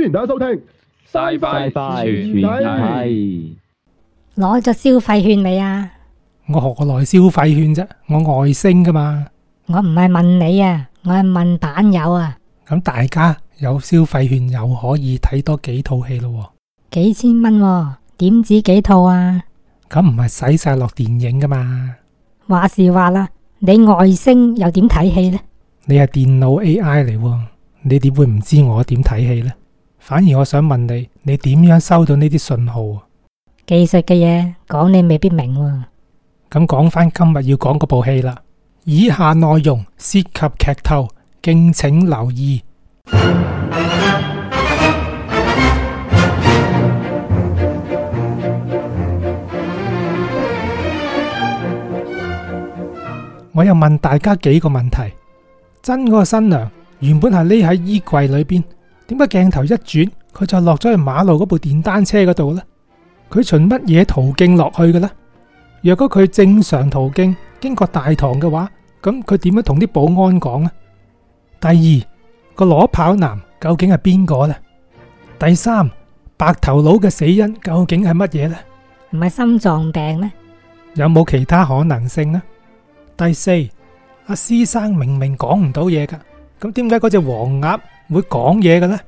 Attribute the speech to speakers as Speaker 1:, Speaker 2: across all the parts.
Speaker 1: 歡迎大家收聽 SciFi 全面睇，
Speaker 2: 攞咗消費券未啊？
Speaker 1: 我何來消費券啫？我外星噶嘛？
Speaker 2: 我唔係問你啊，我係問版友啊。
Speaker 1: 咁大家有消費券又可以睇多幾套戲咯，
Speaker 2: 幾千蚊點止幾套啊？
Speaker 1: 咁唔係使晒落電影噶嘛？
Speaker 2: 話時話啦，你外星又點睇戲呢？
Speaker 1: 你係電腦 A.I. 嚟，你點會唔知我點睇戲呢？反而我想問你，你點樣收到呢啲信號
Speaker 2: 啊？技術嘅嘢講你未必明。咁
Speaker 1: 講翻今日要講個部戲啦，以下內容涉及劇透，敬請留意。 我又問大家幾個問題：真嗰個新娘原本係匿喺衣櫃裏邊。點解鏡頭一轉，佢就落咗去馬路嗰部電單車嗰度呢？佢循乜嘢途徑落去嘅呢？若果佢正常途徑經過大堂嘅話，咁佢點樣同啲保安講啊？第二，個裸跑男究竟係邊個呢？第三，白頭佬嘅死因究竟係乜嘢呢？唔係心臟病咩？有冇其他可能性呢？第四，阿師生明明講唔到嘢噶，咁點解嗰隻黃鴨？會講嘢嘅呢，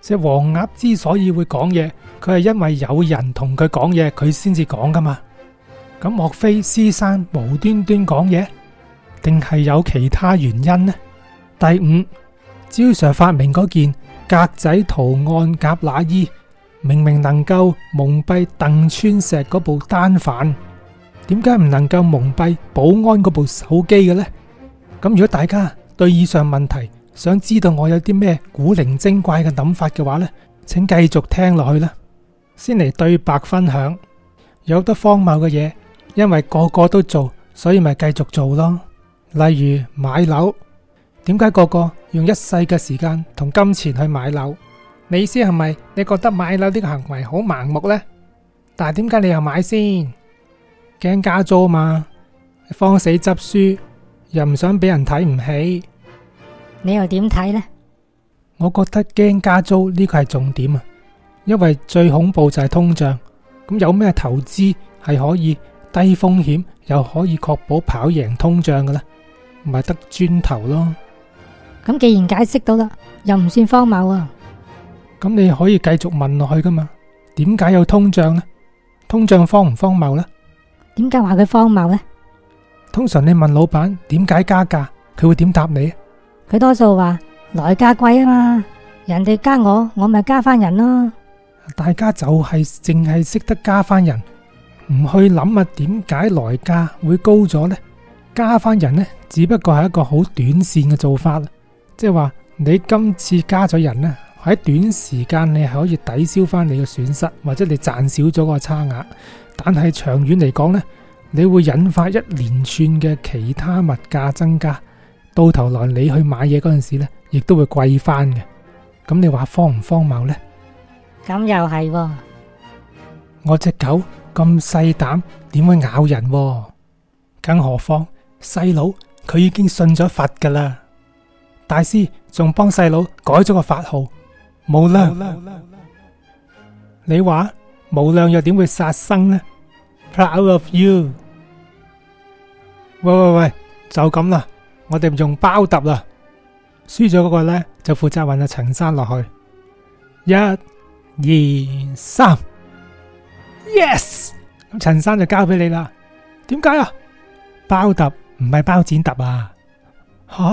Speaker 1: 隻黃鴨之所以會講嘢，佢係因為有人同佢講嘢，佢先至講噶嘛。咁莫非屍山無端端講嘢，定係有其他原因呢？第五，Jasper 發明嗰件格仔圖案夾乸衣，明明能夠蒙蔽鄧川石嗰部單反，點解唔能夠蒙蔽保安嗰部手機嘅呢？咁如果大家對以上問題，想知道我有啲咩古靈精怪嘅諗法嘅話呢，請繼續聽落去啦。先嚟，對白分享，有得荒謬嘅嘢，因為個個都做，所以咪繼續做咯。例如買樓，點解個個用一世嘅時間同金錢去買樓？你意思係咪你覺得買樓呢個行為好盲目呢？但係點解你又買先？驚加租嘛？放死執輸，又唔想俾人睇唔起。你又點睇呢？我覺得驚加租呢個係重點啊，因為最恐怖就係通脹。咁有咩投資係可以低風險又可以確保跑贏通脹嘅呢？咪得磚頭咯。
Speaker 2: 咁既然解釋到啦，又唔算荒謬啊。
Speaker 1: 咁你可以繼續問落去噶嘛？點解有通脹呢？通脹荒唔荒謬呢？
Speaker 2: 點解話佢荒謬呢？
Speaker 1: 通常你問老闆點解加價，佢會點答你？
Speaker 2: 佢多數話來價貴啊嘛，人哋加我，我咪加翻人咯。大
Speaker 1: 家就係淨係識得加翻人，唔去諗啊點解來價會高咗呢。加翻人呢，只不過係一個好短線嘅做法，即係話你今次加咗人呢，喺短時間你係可以抵消翻你嘅損失，或者你賺少咗個差額。但係長遠嚟講呢，你會引發一連串嘅其他物價增加。到頭來你去買嘢嗰陣時咧，亦都會貴翻嘅。咁你話荒唔荒謬咧？
Speaker 2: 咁又係喎。
Speaker 1: 我隻狗咁細膽，點會咬人？更何況細佬佢已經信咗佛噶啦。大師仲幫細佬改咗個法號無量。你話無量又點會殺生呢？Proud of you。喂喂喂，就咁啦。我哋用包揼啦，輸咗嗰個呢，就負責搵阿陳生落去。一、二、三，yes，咁陳生就交俾你啦。點解啊？包揼唔係包剪揼啊？吓，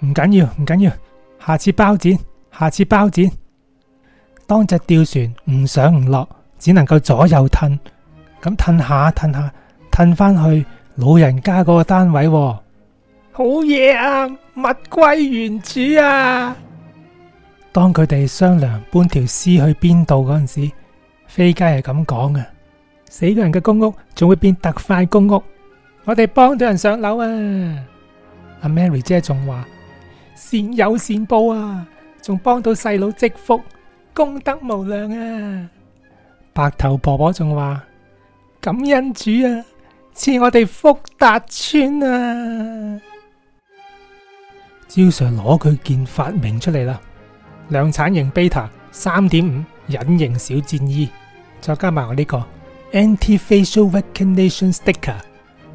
Speaker 1: 唔緊要，唔緊要，下次包剪，下次包剪。當隻吊船唔上唔落，只能夠左右褪，咁褪下褪下褪翻去。老人家嗰個單位，好嘢啊！物歸原主啊！當佢哋商量搬條屍去邊度嗰陣時，飛雞係咁講嘅：死個人嘅公屋，仲會變特快公屋。我哋幫到人上樓啊！阿 Mary 姐仲話善有善報啊，仲幫到細佬積福，功德無量啊！白頭婆婆仲話感恩主啊！似我哋福達村啊！照常攞佢件發明出嚟啦，量產型 Beta 三點五隱形小戰衣，再加埋我呢個 Anti Facial Recognition Sticker，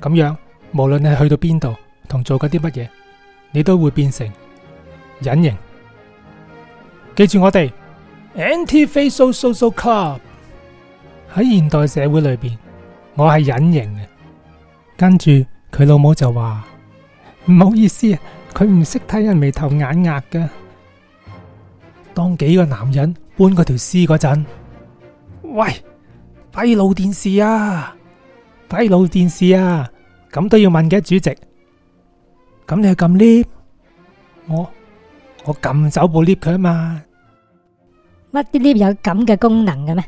Speaker 1: 咁樣，無論你去到邊度同做緊啲乜嘢，你都會變成隱形。記住我哋 Anti Facial Social Club 喺現代社會裏邊，我係隱形嘅。跟住佢老母就話：唔好意思啊，佢唔識睇人眉頭眼額嘅。當幾個男人搬嗰條屍嗰陣，喂，閉路電視啊，閉路電視啊，咁都要問嘅主席，咁你撳 lift，我我撳走部 lift 佢啊嘛，
Speaker 2: 乜啲 lift 有咁嘅功能嘅咩？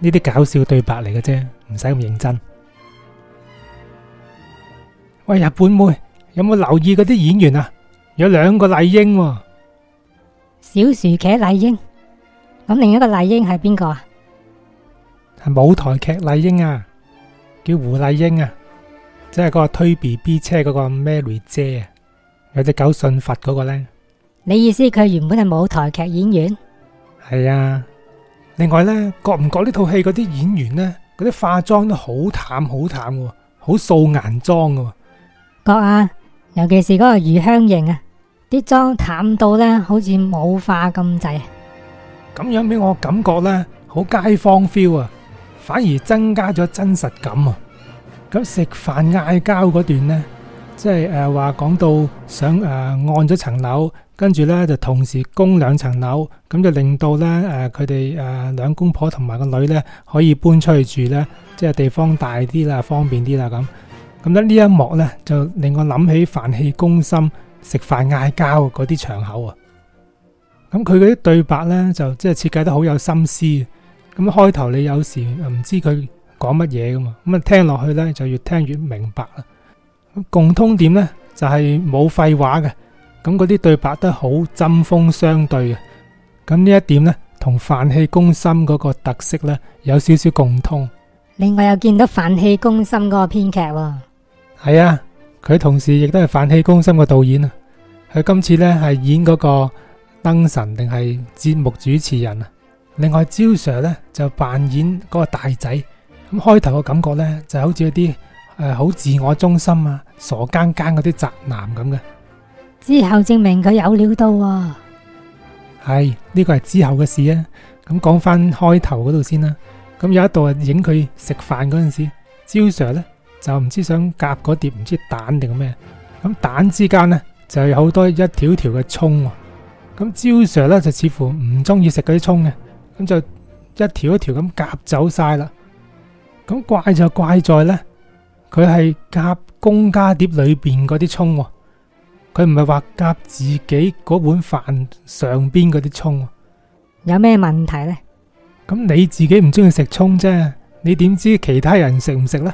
Speaker 1: 呢啲搞笑對白嚟嘅啫，唔使咁認真。喂，日本妹，有冇留意嗰啲演員啊？有兩個麗英，
Speaker 2: 小薯茄麗英，咁另一個麗英係邊個啊？
Speaker 1: 係舞台劇麗英啊，叫胡麗英啊，即係嗰個推 BB 車嗰個咩女姐啊，有隻狗信佛嗰個呢。
Speaker 2: 你意思佢原本係舞台劇演員？
Speaker 1: 係啊。另外呢，覺唔覺呢套戲嗰啲演員呢？嗰啲化妝都好淡好淡喎，好素顏妝噶。
Speaker 2: 覺啊，尤其是嗰個魚香型啊，啲妝淡到咧，好似冇化咁滯。
Speaker 1: 咁樣俾我感覺咧，好街坊 feel 啊，反而增加咗真實感啊。咁食飯嗌交嗰段咧，即係誒話講到想誒按咗層樓，跟住咧就同時供兩層樓，咁就令到咧誒佢哋誒兩公婆同埋個女咧可以搬出去住咧，即係地方大啲啦，方便啲啦咁。咁咧，呢一幕咧就令我諗起《飯氣攻心》食飯嗌交嗰啲場口啊！咁佢嗰啲對白咧就即係設計得好有心思。咁開頭你有時唔知佢講乜嘢噶嘛，咁啊聽落去咧就越聽越明白啦。咁共通點咧就係冇廢話嘅。咁嗰啲對白都得好針鋒相對嘅。咁呢一點咧同《飯氣攻心》嗰個特色咧有少少共通。
Speaker 2: 另外又見到《飯氣攻心》嗰個編劇喎。
Speaker 1: 係啊，佢同時亦都係飯氣攻心嘅導演啊！佢今次呢係演嗰個燈神定係節目主持人啊！另外焦 Sir 呢就扮演嗰個大仔，咁開頭嘅感覺呢就好似啲誒好自我中心啊、傻更更嗰啲宅男咁嘅。
Speaker 2: 之後證明佢有料到啊、哦！
Speaker 1: 係呢、這個係之後嘅事啊！咁講翻開頭嗰度先啦。咁有一度啊，影佢食飯嗰陣時焦 Sir 呢。就唔知想夾嗰碟唔知蛋定咩咁，蛋之間咧，就有好多一條條嘅蔥。咁 Jasper 咧就似乎唔中意食嗰啲蔥嘅，咁就一條一條咁夾走晒啦。咁怪就怪在咧，佢係夾公家碟裏邊嗰啲蔥，佢唔係話夾自己嗰碗飯上邊嗰啲蔥。
Speaker 2: 有咩問題咧？咁
Speaker 1: 你自己唔中意食蔥啫，你點知其他人食唔食咧？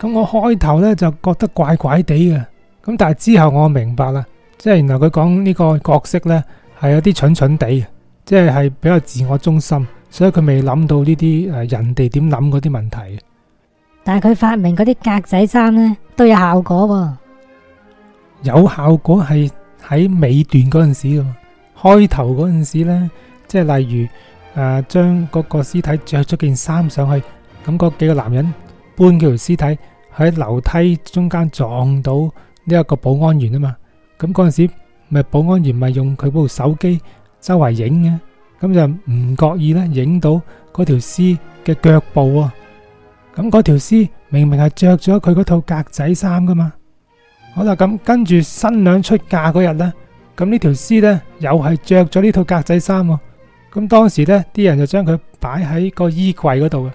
Speaker 1: 咁我開頭呢就覺得怪怪地嘅，咁但係之後我明白啦，即係原來佢講呢個角色呢係有啲蠢蠢地，即係係比較自我中心，所以佢未諗到呢啲誒人哋點諗嗰啲問題。
Speaker 2: 但係佢發明嗰啲格仔衫呢，都有效果喎。
Speaker 1: 有效果係喺尾段嗰陣時，開頭嗰陣時呢，即係例如誒將嗰個屍體着咗件衫上去，咁嗰幾個男人。搬條屍體喺樓梯中間撞到呢一個保安員啊嘛，咁嗰陣時咪保安員咪用佢部手機周圍影嘅，咁就唔覺意咧影到嗰條屍嘅腳步啊。咁嗰條屍明明係着咗佢嗰套格仔衫噶嘛，好啦，咁跟住新娘出嫁嗰日咧，咁呢條屍咧又係着咗呢套格仔衫。咁當時咧啲人就將佢擺喺個衣櫃嗰度，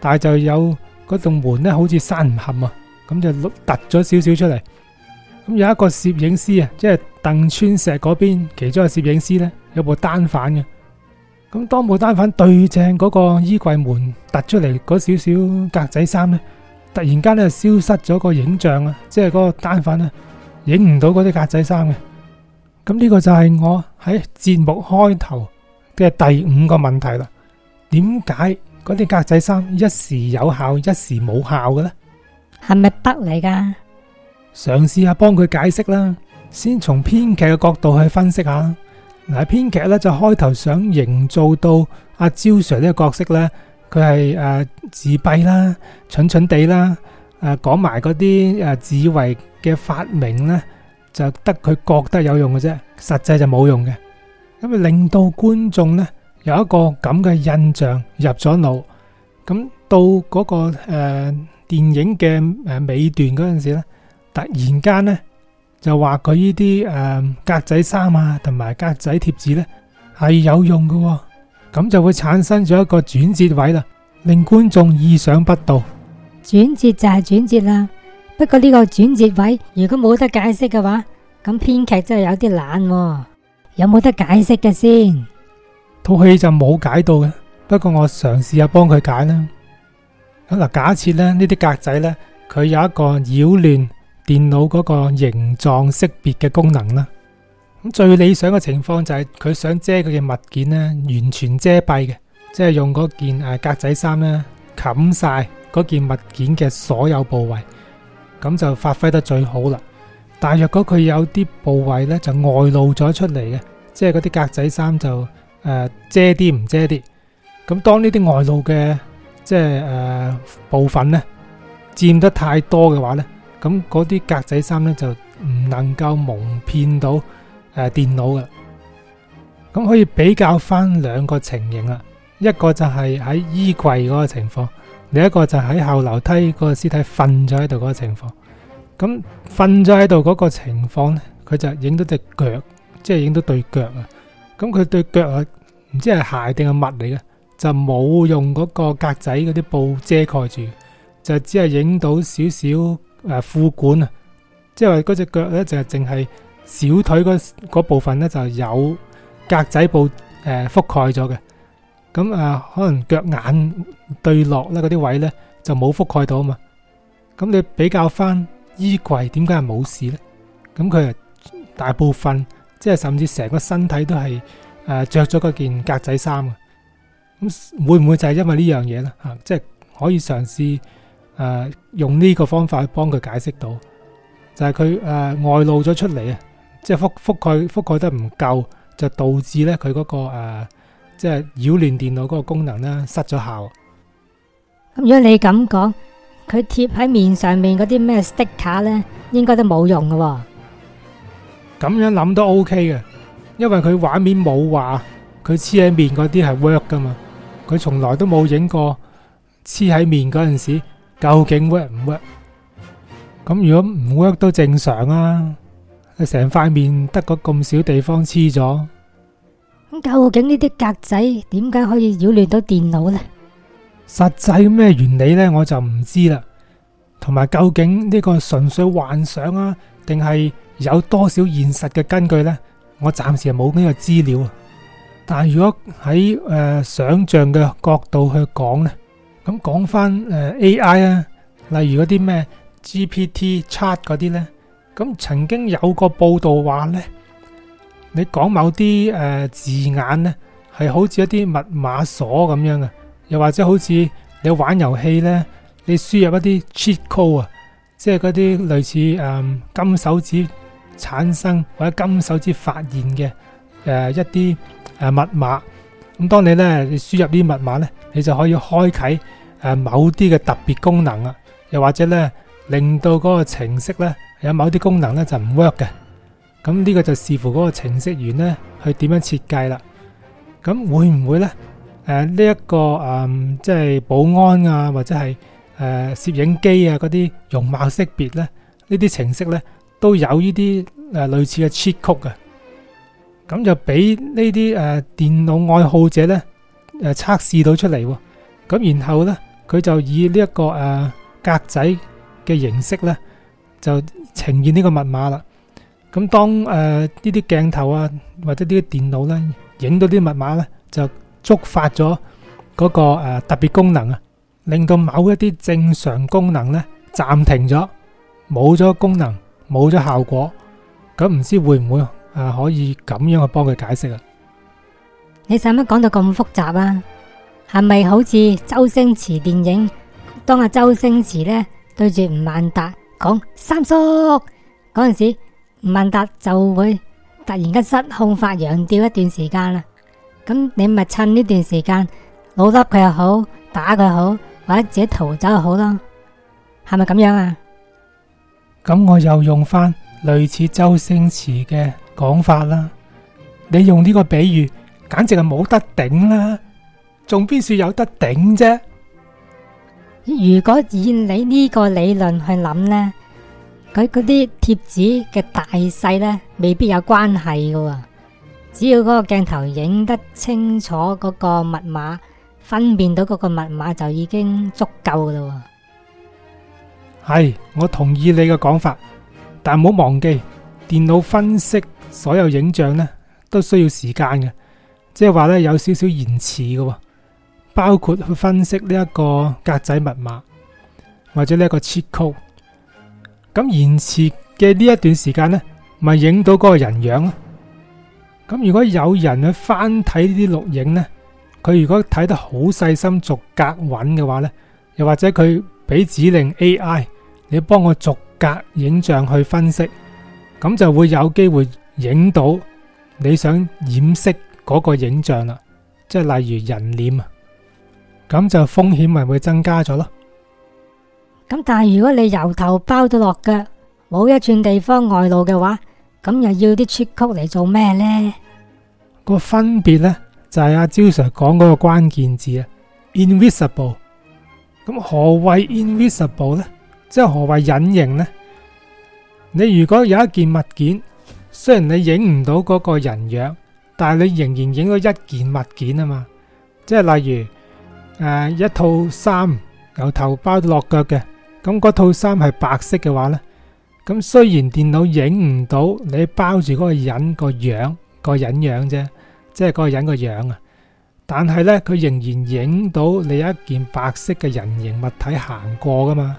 Speaker 1: 但係就有。嗰棟門咧好似閂唔冚啊，咁就凸咗少少出嚟。咁有一個攝影師啊，即係鄧川石嗰邊其中一個攝影師咧，有部單反嘅。咁當部單反對正嗰個衣櫃門凸出嚟嗰少少格仔衫咧，突然間咧消失咗個影像啊！即係嗰個單反咧影唔到嗰啲格仔衫嘅。咁呢個就係我喺節目開頭嘅第五個問題啦。點解？嗰啲格仔衫一時有效一時冇效嘅
Speaker 2: 咧，係咪得嚟噶？
Speaker 1: 嘗試下幫佢解釋啦，先從編劇嘅角度去分析下。嗱，編劇咧就開頭想營造到阿、啊、蕉 Sir 呢個角色咧，佢係誒自閉啦、蠢蠢地啦，誒講埋嗰啲誒智慧嘅發明咧，就得佢覺得有用嘅啫，實際就冇用嘅，咁啊令到觀眾咧。有一個咁嘅印象入咗腦，咁到嗰個誒電影嘅誒尾段嗰陣時咧，突然間咧就話佢呢啲誒格仔衫啊同埋格仔貼紙咧係有用嘅，咁就會產生咗一個轉折位啦，令觀眾意想不到。
Speaker 2: 轉折就係轉折啦，不過呢個轉折位如果冇得解釋嘅話，咁編劇真係有啲懶，有冇得解釋嘅先？套戲
Speaker 1: 就冇解到嘅，不過我嘗試下幫佢解啦。嗱，假設呢呢啲格仔呢，佢有一個擾亂電腦嗰個形狀識別嘅功能啦。咁最理想嘅情況就係佢想遮佢嘅物件呢，完全遮蔽嘅，即係用嗰件誒格仔衫呢冚晒嗰件物件嘅所有部位，咁就發揮得最好啦。但若果佢有啲部位呢就外露咗出嚟嘅，即係嗰啲格仔衫就，誒，遮啲唔遮啲，咁當呢啲外露嘅，即係誒部分咧，佔得太多嘅話咧，咁嗰啲格仔衫咧就唔能夠蒙騙到誒電腦嘅，咁可以比較翻兩個情形啦，一個就係喺衣櫃嗰個情況，另一個就喺後樓梯個屍體瞓咗喺度嗰個情況，咁瞓咗喺度嗰個情況咧，佢就影到隻腳，即係影到對腳啊。咁佢對腳啊，唔知係鞋定係襪嚟嘅，就冇用嗰個格仔嗰啲布遮蓋住，就只係影到少少誒褲管啊，即係話嗰隻腳咧就係淨係小腿嗰嗰部分咧就有格仔布誒覆蓋咗嘅，咁誒可能腳眼對落咧嗰啲位咧就冇覆蓋到啊嘛，咁你比較返衣櫃點解係冇事咧？咁佢大部分。即係甚至成個身體都係誒着咗嗰件格仔衫啊！咁會唔會就係因為呢樣嘢咧？吓，即係可以嘗試誒用呢個方法去幫佢解釋到就是，就係佢誒外露咗出嚟，啊！即係覆覆蓋覆蓋得唔夠，就導致咧佢嗰個誒即係擾亂電腦嗰個功能咧，失咗效。
Speaker 2: 咁如果你咁講，佢貼喺面上面嗰啲咩 sticker 咧，應該都冇用噶喎。
Speaker 1: 咁樣諗都 OK 嘅，因為佢畫面冇話佢黐喺面嗰啲係 work 噶嘛，佢從來都冇影過黐喺面嗰陣時究竟 work 唔 work？咁如果唔 work 都正常啊，成塊面得個咁少地方黐咗，咁
Speaker 2: 究竟呢啲格仔點解可以擾亂到電腦呢？
Speaker 1: 實際咩原理呢，我就唔知啦。同埋，究竟呢個純粹幻想啊，定係有多少現實嘅根據呢？我暫時係冇呢個資料。但係如果喺誒、呃、想象嘅角度去講呢，咁講翻誒、呃、A.I. 啊，例如嗰啲咩 G.P.T. Chat 嗰啲呢，咁曾經有個報道話呢，你講某啲誒、呃、字眼呢，係好似一啲密碼鎖咁樣嘅，又或者好似你玩遊戲呢。你輸入一啲 cheat code 啊，即係嗰啲類似誒金手指產生或者金手指發現嘅誒一啲誒密碼，咁當你咧你輸入啲密碼咧，你就可以開啟誒某啲嘅特別功能啊，又或者咧令到嗰個程式咧有某啲功能咧就唔 work 嘅，咁呢個就視乎嗰個程式員咧去點樣設計啦。咁會唔會咧？誒呢一個誒即係保安啊，或者係？誒，攝影機啊，嗰啲容貌識別咧，呢啲程式咧都有呢啲誒類似嘅 cheat code 嘅，咁就俾呢啲誒電腦愛好者咧誒測試到出嚟，咁然後咧佢就以呢一個誒格仔嘅形式咧就呈現呢個密碼啦，咁當誒呢啲鏡頭啊或者呢啲電腦咧影到啲密碼咧就觸發咗嗰個誒特別功能啊。令到某一啲正常功能咧暫停咗，冇咗功能，冇咗效果，咁唔知會唔會誒可以咁樣去幫佢解釋啊？
Speaker 2: 你使乜講到咁複雜啊？係咪好似周星馳電影？當阿周星馳咧對住吳孟達講三叔嗰陣時，吳孟達就會突然間失控發羊吊一段時間啦。咁你咪趁呢段時間，老笠佢又好，打佢好。或者自己逃走就好啦，係咪咁樣啊？
Speaker 1: 咁我又用翻類似周星馳嘅講法啦。你用呢個比喻，簡直係冇得頂啦，仲邊算有得頂啫？
Speaker 2: 如果以你呢個理論去諗呢，佢嗰啲貼紙嘅大細呢，未必有關係噶。只要嗰個鏡頭影得清楚嗰個密碼。分辨到嗰個密碼就已經足夠噶啦。
Speaker 1: 係，我同意你嘅講法，但係唔好忘記，電腦分析所有影像咧都需要時間嘅，即係話咧有少少延遲嘅，包括去分析呢一個格仔密碼或者呢一個切曲。咁延遲嘅呢一段時間咧，咪影到嗰個人樣囉。咁如果有人去翻睇呢啲錄影咧？佢如果睇得好細心逐格揾嘅話咧，又或者佢俾指令 A.I. 你幫我逐格影像去分析，咁就會有機會影到你想掩飾嗰個影像啦。即係例如人臉啊，咁就風險咪會增加咗咯？
Speaker 2: 咁但係如果你由頭包到落腳，冇一寸地方外露嘅話，咁又要啲曲曲嚟做咩咧？
Speaker 1: 個分別咧？就係阿招 Sir 講嗰個關鍵字啊，invisible。咁何謂 invisible 呢？即係何謂隱形呢？你如果有一件物件，雖然你影唔到嗰個人樣，但係你仍然影到一件物件啊嘛。即係例如誒一套衫由頭包到落腳嘅，咁嗰套衫係白色嘅話呢，咁雖然電腦影唔到你包住嗰個人個樣個人樣啫。即係嗰個人個樣啊，但係咧佢仍然影到你一件白色嘅人形物體行過㗎嘛，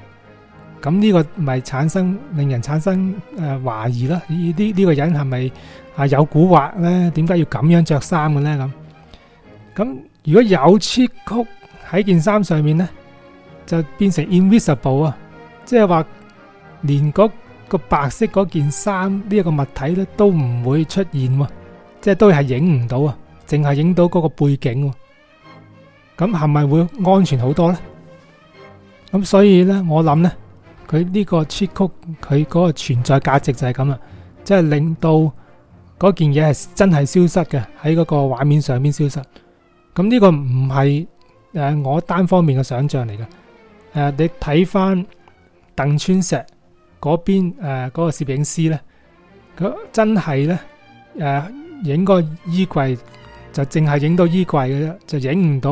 Speaker 1: 咁呢個咪產生令人產生誒懷疑啦？呢呢呢個人係咪啊有古惑咧？點解要咁樣着衫嘅咧？咁咁如果有超曲喺件衫上面咧，就變成 invisible 啊！即係話連嗰個白色嗰件衫呢一個物體咧都唔會出現喎。即係都係影唔到啊，淨係影到嗰個背景，咁係咪會安全好多咧？咁所以咧，我諗咧，佢呢個切曲佢嗰個存在價值就係咁啦，即係令到嗰件嘢係真係消失嘅，喺嗰個畫面上面消失。咁呢個唔係誒我單方面嘅想象嚟嘅，誒你睇翻鄧川石嗰邊誒嗰個攝影師咧，佢真係咧誒。影個衣櫃就淨係影到衣櫃嘅啫，就影唔到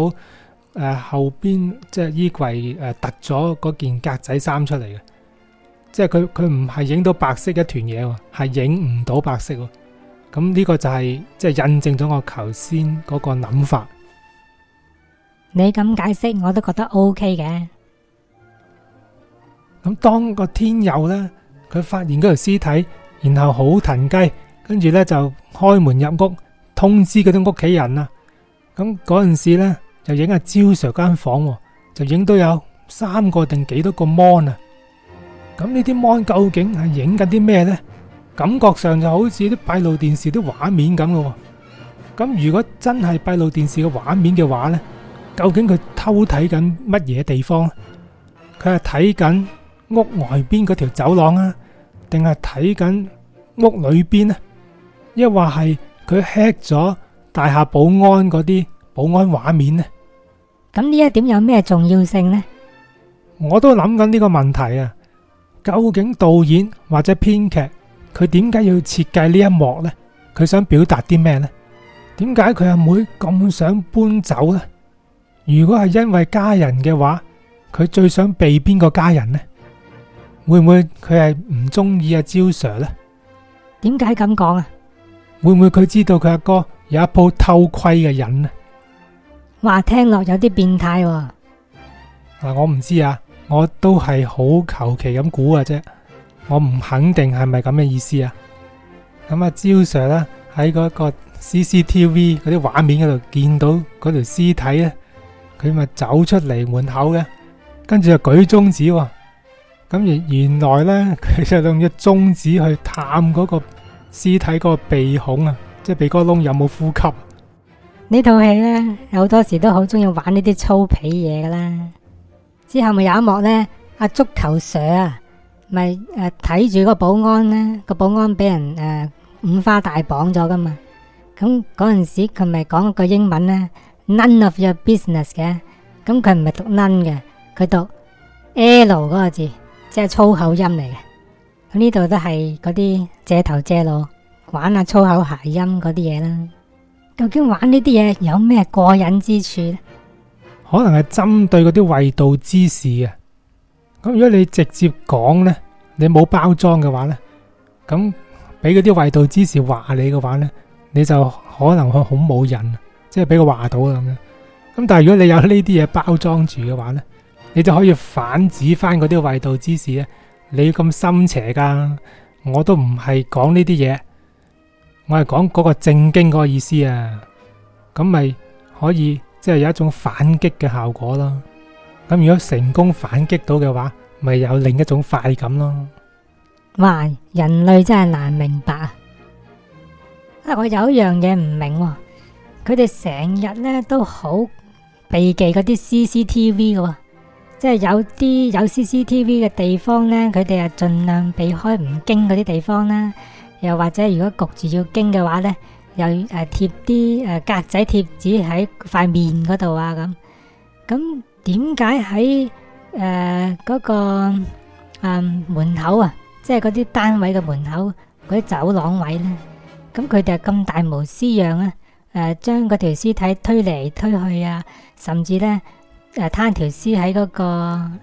Speaker 1: 誒後邊即係衣櫃誒凸咗嗰件格仔衫出嚟嘅，即係佢佢唔係影到白色一團嘢，係影唔到白色，咁呢個就係即係印證咗我頭先嗰個諗法。
Speaker 2: 你咁解釋我都覺得 OK 嘅。
Speaker 1: 咁當個天佑咧，佢發現嗰條屍體，然後好騰雞。跟住咧就開門入屋通知嗰啲屋企人啦。咁嗰陣時咧就影阿蕉 Sir 間房，就影到有三個定幾多個 mon 啊。咁呢啲 mon 究竟係影緊啲咩咧？感覺上就好似啲閉路電視啲畫面咁咯。咁如果真係閉路電視嘅畫面嘅話咧，究竟佢偷睇緊乜嘢地方？佢係睇緊屋外邊嗰條走廊啊，定係睇緊屋裏邊咧？一或係佢 hack 咗大廈保安嗰啲保安畫面呢，
Speaker 2: 咁呢一點有咩重要性呢？
Speaker 1: 我都諗緊呢個問題啊！究竟導演或者編劇佢點解要設計呢一幕呢？佢想表達啲咩呢？點解佢阿妹咁想搬走呢？如果係因為家人嘅話，佢最想避邊個家人呢？會唔會佢係唔中意阿蕉 Sir 呢？
Speaker 2: 點解咁講啊？
Speaker 1: 會唔會佢知道佢阿哥有一鋪偷窺嘅癮咧？
Speaker 2: 話聽落有啲變態喎。
Speaker 1: 嗱，我唔知啊，我都係好求其咁估啊啫，我唔肯定係咪咁嘅意思啊。咁啊，焦 sir 咧，喺嗰個 CCTV 嗰啲畫面嗰度見到嗰條屍體咧，佢咪走出嚟門口嘅，跟住就舉中指，咁原原來咧，佢就用隻中指去探嗰個。屍體個鼻孔啊，即係鼻哥窿有冇呼吸？
Speaker 2: 呢套戲咧，好多時都好中意玩呢啲粗鄙嘢噶啦。之後咪有一幕咧，阿足球蛇啊，咪誒睇住個保安咧，個保安俾人誒五花大綁咗噶嘛。咁嗰陣時佢咪講個英文咧，None of your business 嘅。咁佢唔係讀 None 嘅，佢讀 L 嗰個字，即係粗口音嚟嘅。呢度都係嗰啲借頭借路玩啊粗口諧音嗰啲嘢啦，究竟玩呢啲嘢有咩過癮之處咧？
Speaker 1: 可能係針對嗰啲衛道之士啊。
Speaker 2: 咁如果
Speaker 1: 你直接講呢，你冇包裝嘅話呢，咁俾嗰啲衛道之士你話你嘅話呢，你就可能會好冇癮，即係俾佢話到啊咁樣。咁但係如果你有呢啲嘢包裝住嘅話呢，你就可以反指翻嗰啲衛道之士咧。你要咁深邪噶，我都唔係講呢啲嘢，我係講嗰個正經嗰個意思啊。咁咪可以即係有一種反擊嘅效果咯。咁如果成功反擊到嘅話，咪有另一種快感咯。
Speaker 2: 喂，人類真係難明白啊。啊，我有一樣嘢唔明喎，佢哋成日呢都好避忌嗰啲 CCTV 嘅喎。即係有啲有 CCTV 嘅地方咧，佢哋就盡量避開唔經嗰啲地方啦，又或者如果焗住要經嘅話咧，又誒貼啲誒格仔貼紙喺塊面嗰度啊咁。咁點解喺誒嗰個誒門口啊，即係嗰啲單位嘅門口嗰啲走廊位咧，咁佢哋係咁大模施樣啊，誒將嗰條屍體推嚟推去啊，甚至咧。誒，攤條屍喺嗰個誒誒、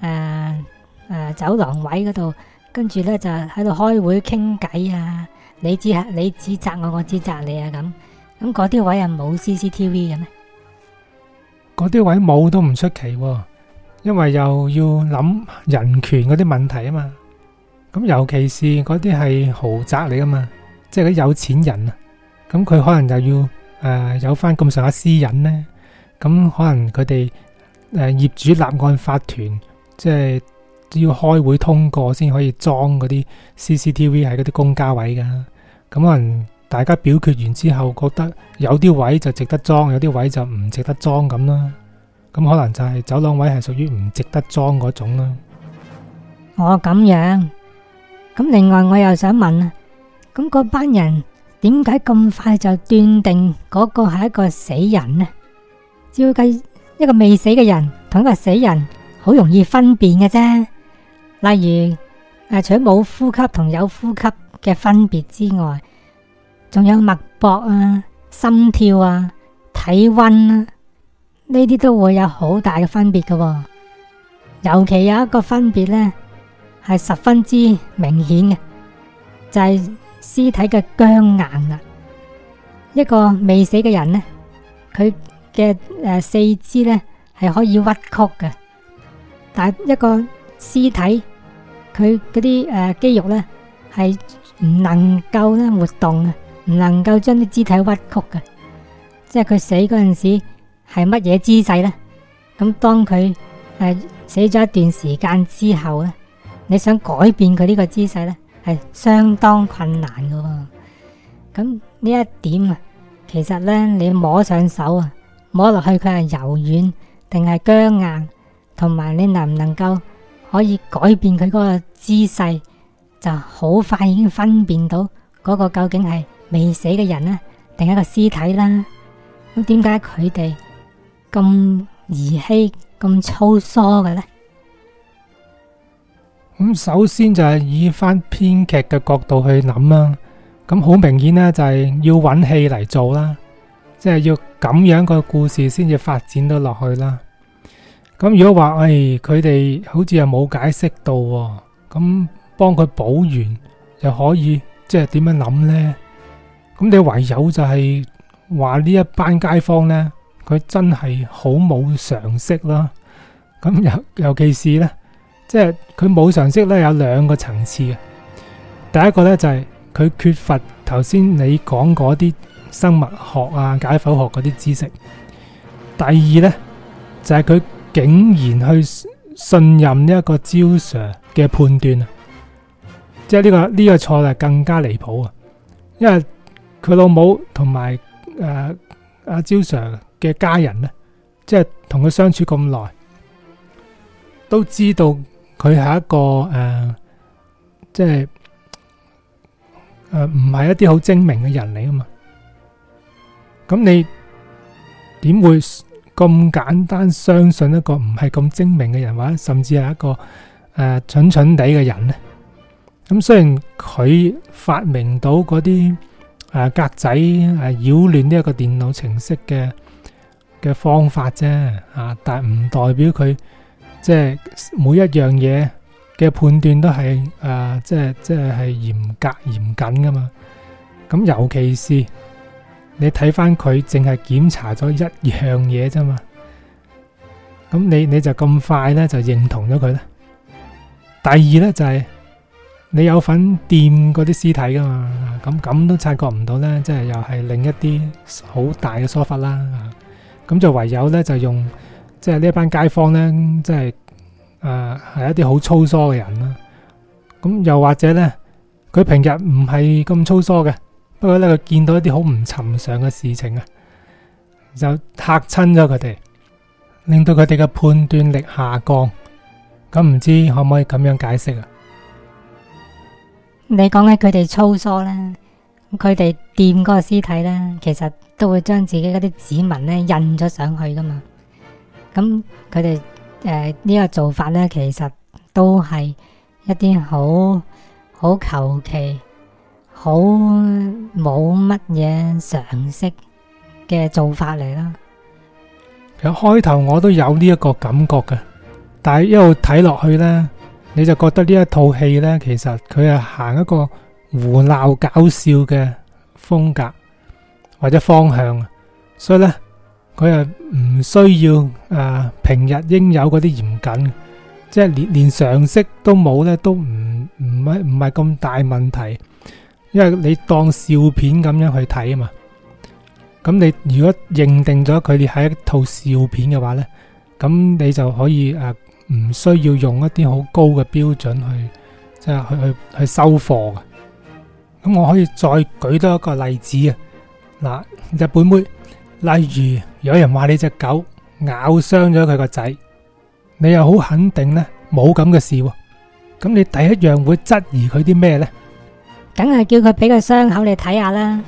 Speaker 2: 呃呃、走廊位嗰度，跟住咧就喺度開會傾偈啊。你指你指責我，我指責你啊，咁咁嗰啲位係冇 C C T V 嘅咩？
Speaker 1: 嗰啲位冇都唔出奇、哦，因為又要諗人權嗰啲問題啊嘛。咁尤其是嗰啲係豪宅嚟㗎嘛，即係啲有錢人啊，咁佢可能就要誒、呃、有翻咁上下私隱咧，咁可能佢哋。誒，業主立案法團，即係要開會通過先可以裝嗰啲 CCTV 喺嗰啲公家位噶。咁可能大家表決完之後，覺得有啲位就值得裝，有啲位就唔值得裝咁啦。咁可能就係走廊位係屬於唔值得裝嗰種啦。
Speaker 2: 我咁樣，咁另外我又想問啊，咁嗰班人點解咁快就斷定嗰個係一個死人呢？照計。一個未死嘅人同一個死人好容易分辨嘅啫，例如誒除咗冇呼吸同有呼吸嘅分別之外，仲有脈搏啊、心跳啊、體溫啊，呢啲都會有好大嘅分別嘅、哦。尤其有一個分別呢，係十分之明顯嘅，就係、是、屍體嘅僵硬喇。一個未死嘅人呢，佢。嘅誒四肢咧係可以屈曲嘅，但一個屍體佢嗰啲誒肌肉咧係唔能夠咧活動啊，唔能夠將啲肢體屈曲嘅，即係佢死嗰陣時係乜嘢姿勢咧？咁當佢誒死咗一段時間之後咧，你想改變佢呢個姿勢咧，係相當困難㗎。咁呢一點啊，其實咧你摸上手啊～摸落去佢係柔軟定係僵硬，同埋你能唔能夠可以改變佢嗰個姿勢，就好快已經分辨到嗰個究竟係未死嘅人呀，定係一個屍體啦。咁點解佢哋咁兒戲咁粗疏嘅咧？
Speaker 1: 咁首先就係以翻編劇嘅角度去諗啦，咁好明顯咧就係要揾戲嚟做啦。即係要咁樣個故事先至發展到落去啦。咁如果話，誒，佢哋好似又冇解釋到，咁幫佢補完又可以，即係點樣諗呢？咁你唯有就係話呢一班街坊呢，佢真係好冇常識啦。咁尤尤其是呢，即係佢冇常識呢，有兩個層次嘅。第一個呢就係佢缺乏頭先你講嗰啲。生物學啊，解剖學嗰啲知識。第二呢，就係、是、佢竟然去信任呢一個焦 Sir 嘅判斷啊，即係呢、呢個呢、呢個錯就更加離譜啊，因為佢老母同埋誒阿焦 Sir 嘅家人呢，即係同佢相處咁耐，都知道佢係一個誒、呃、即係唔係一啲好精明嘅人嚟啊嘛。咁你點會咁簡單相信一個唔係咁精明嘅人，或者甚至係一個誒蠢蠢地嘅人咧？咁雖然佢發明到嗰啲誒格仔誒擾亂呢一個電腦程式嘅嘅方法啫，啊，但唔代表佢即係每一樣嘢嘅判斷都係誒即係即係係嚴格嚴謹噶嘛。咁尤其是。你睇翻佢淨係檢查咗一樣嘢啫嘛，咁你你就咁快咧就認同咗佢咧？第二咧就係、是，你有份掂嗰啲屍體噶嘛，咁咁都察覺唔到咧，即係又係另一啲好大嘅疏忽啦。咁就唯有咧就用即係呢一班街坊咧，即係誒係一啲好粗疏嘅人啦。咁又或者咧，佢平日唔係咁粗疏嘅。不過咧，佢見到一啲好唔尋常嘅事情啊，就嚇親咗佢哋，令到佢哋嘅判斷力下降。咁唔知可唔可以咁樣解釋啊？
Speaker 2: 你講緊佢哋粗疏咧，佢哋掂個屍體咧，其實都會將自己嗰啲指紋咧印咗上去噶嘛。咁佢哋誒呢個做法咧，其實都係一啲好好求其。好冇乜嘢常識嘅做法嚟啦。
Speaker 1: 有開頭我都有呢一個感覺㗎，但係一路睇落去呢，你就覺得呢一套戲呢，其實佢係行一個胡鬧搞笑嘅風格或者方向，所以呢，佢係唔需要，啊，平日應有嗰啲嚴謹，即係連連常識都冇呢，都唔唔係唔係咁大問題。因為你當笑片咁樣去睇啊嘛，咁你如果認定咗佢哋係一套笑片嘅話呢，咁你就可以誒，唔需要用一啲好高嘅標準去，即係去去去收貨嘅。咁我可以再舉多一個例子啊。嗱，日本妹例如有人話你隻狗咬傷咗佢個仔，你又好肯定呢冇咁嘅事，咁你第一樣會質疑佢啲咩呢？
Speaker 2: 梗係叫佢俾個傷口你睇下啦！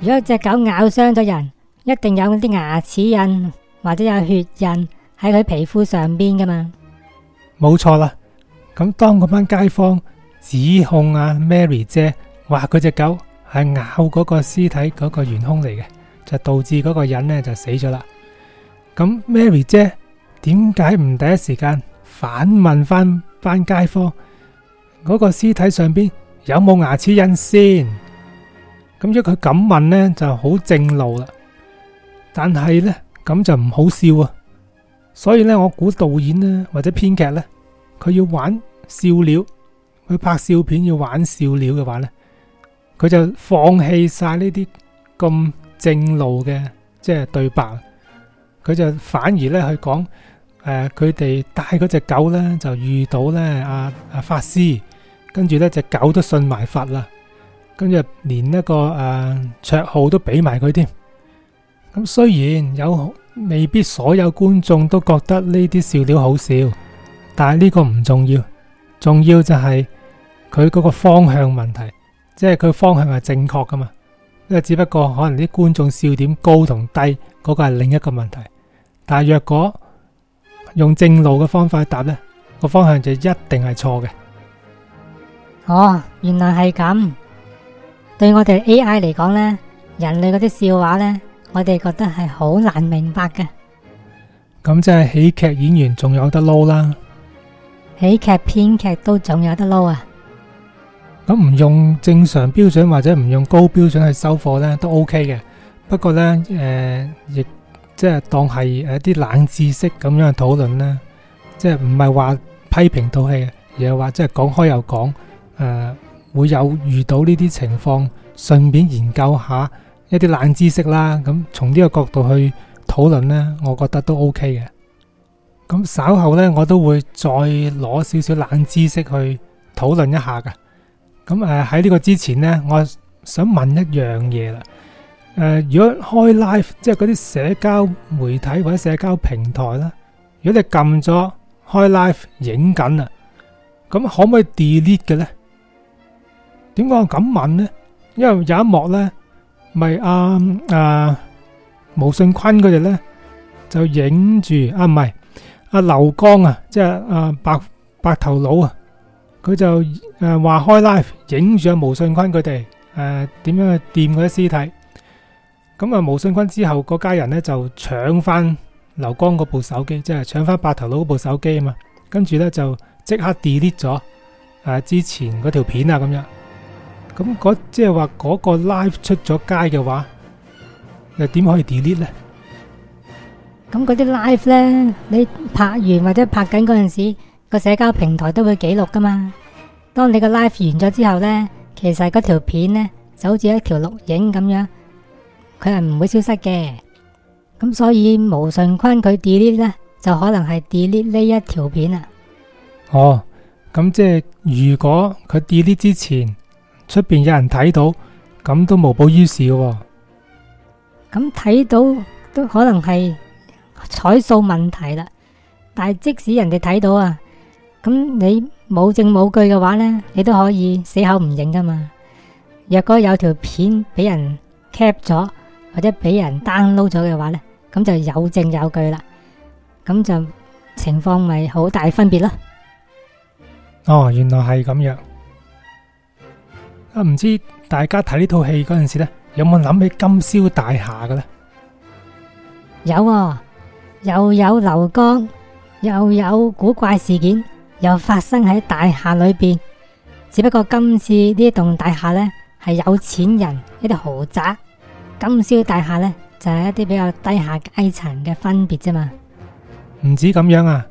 Speaker 2: 如果隻狗咬傷咗人，一定有啲牙齒印或者有血印喺佢皮膚上邊噶嘛？
Speaker 1: 冇錯啦！咁當嗰班街坊指控阿 Mary 姐話佢隻狗係咬嗰個屍體嗰個元凶嚟嘅，就導致嗰個人呢就死咗啦。咁 Mary 姐點解唔第一時間反問翻班街坊嗰個屍體上邊？有冇牙齒印先？咁如果佢咁問咧，就好正路啦。但係咧，咁就唔好笑啊。所以咧，我估導演咧或者編劇咧，佢要玩笑料，佢拍笑片要玩笑料嘅話咧，佢就放棄晒呢啲咁正路嘅即係對白，佢就反而咧去講，誒，佢哋帶嗰隻狗咧就遇到咧阿阿法師。跟住呢，隻狗都信埋佛啦，跟住連一個誒綽、呃、號都俾埋佢添。咁、嗯、雖然有未必所有觀眾都覺得呢啲笑料好笑，但係呢個唔重要，重要就係佢嗰個方向問題，即係佢方向係正確噶嘛。因為只不過可能啲觀眾笑點高同低嗰、那個係另一個問題，但係若果用正路嘅方法答呢，個方向就一定係錯嘅。
Speaker 2: 哦，原來係咁。對我哋 A.I. 嚟講呢，人類嗰啲笑話呢，我哋覺得係好難明白嘅。
Speaker 1: 咁即係喜劇演員仲有得撈啦，
Speaker 2: 喜劇編劇都
Speaker 1: 仲有得撈啊。咁唔用正常標準或者唔用高標準去收貨呢，都 O.K. 嘅。不過呢，誒、呃，亦即係當係一啲冷知識咁樣去討論呢，即係唔係話批評套戲，而係話即係講開又講。誒、呃，會有遇到呢啲情況，順便研究一下一啲冷知識啦。咁、嗯、從呢個角度去討論呢，我覺得都 OK 嘅。咁、嗯、稍後呢，我都會再攞少少冷知識去討論一下噶。咁誒喺呢個之前呢，我想問一樣嘢啦。誒、呃，如果開 live，即係嗰啲社交媒體或者社交平台啦，如果你撳咗開 live 影緊啦，咁可唔可以 delete 嘅呢？點解我咁問呢？因為有一幕呢，咪阿阿毛信坤佢哋呢就影住啊，唔係阿劉江啊，即係阿白白頭佬啊，佢就誒話開 live 影住阿毛信坤佢哋誒點樣去掂佢啲屍體。咁啊，毛信坤之後嗰家人呢就搶翻劉江嗰部手機，即係搶翻白頭佬嗰部手機啊嘛。跟住呢就即刻 delete 咗誒之前嗰條片啊，咁樣。咁嗰即係話嗰個 live 出咗街嘅話，又點可以 delete 咧？
Speaker 2: 咁嗰啲 live 咧，你拍完或者拍緊嗰陣時，個社交平台都會記錄噶嘛。當你個 live 完咗之後咧，其實嗰條片咧就好似一條錄影咁樣，佢係唔會消失嘅。咁所以吳順坤佢 delete 咧，就可能係 delete 呢一條片啊。
Speaker 1: 哦，咁即係如果佢 delete 之前。出邊有人睇到，咁都無補於事嘅。
Speaker 2: 咁睇到都可能係彩數問題啦。但係即使人哋睇到啊，咁你冇證冇據嘅話呢，你都可以死口唔認噶嘛。若果有條片俾人 cap 咗，或者俾人 download 咗嘅話呢，咁就有證有據啦。咁就情況咪好大分別咯。
Speaker 1: 哦，原來係咁樣。啊，唔知大家睇呢套戲嗰陣時呢，有冇諗起金宵大廈嘅呢？
Speaker 2: 有啊，又有流光，又有古怪事件，又發生喺大廈裏邊。只不過今次呢棟大廈呢係有錢人一啲豪宅，金宵大廈呢就係一啲比較低下階層嘅分別啫嘛。
Speaker 1: 唔止咁樣啊，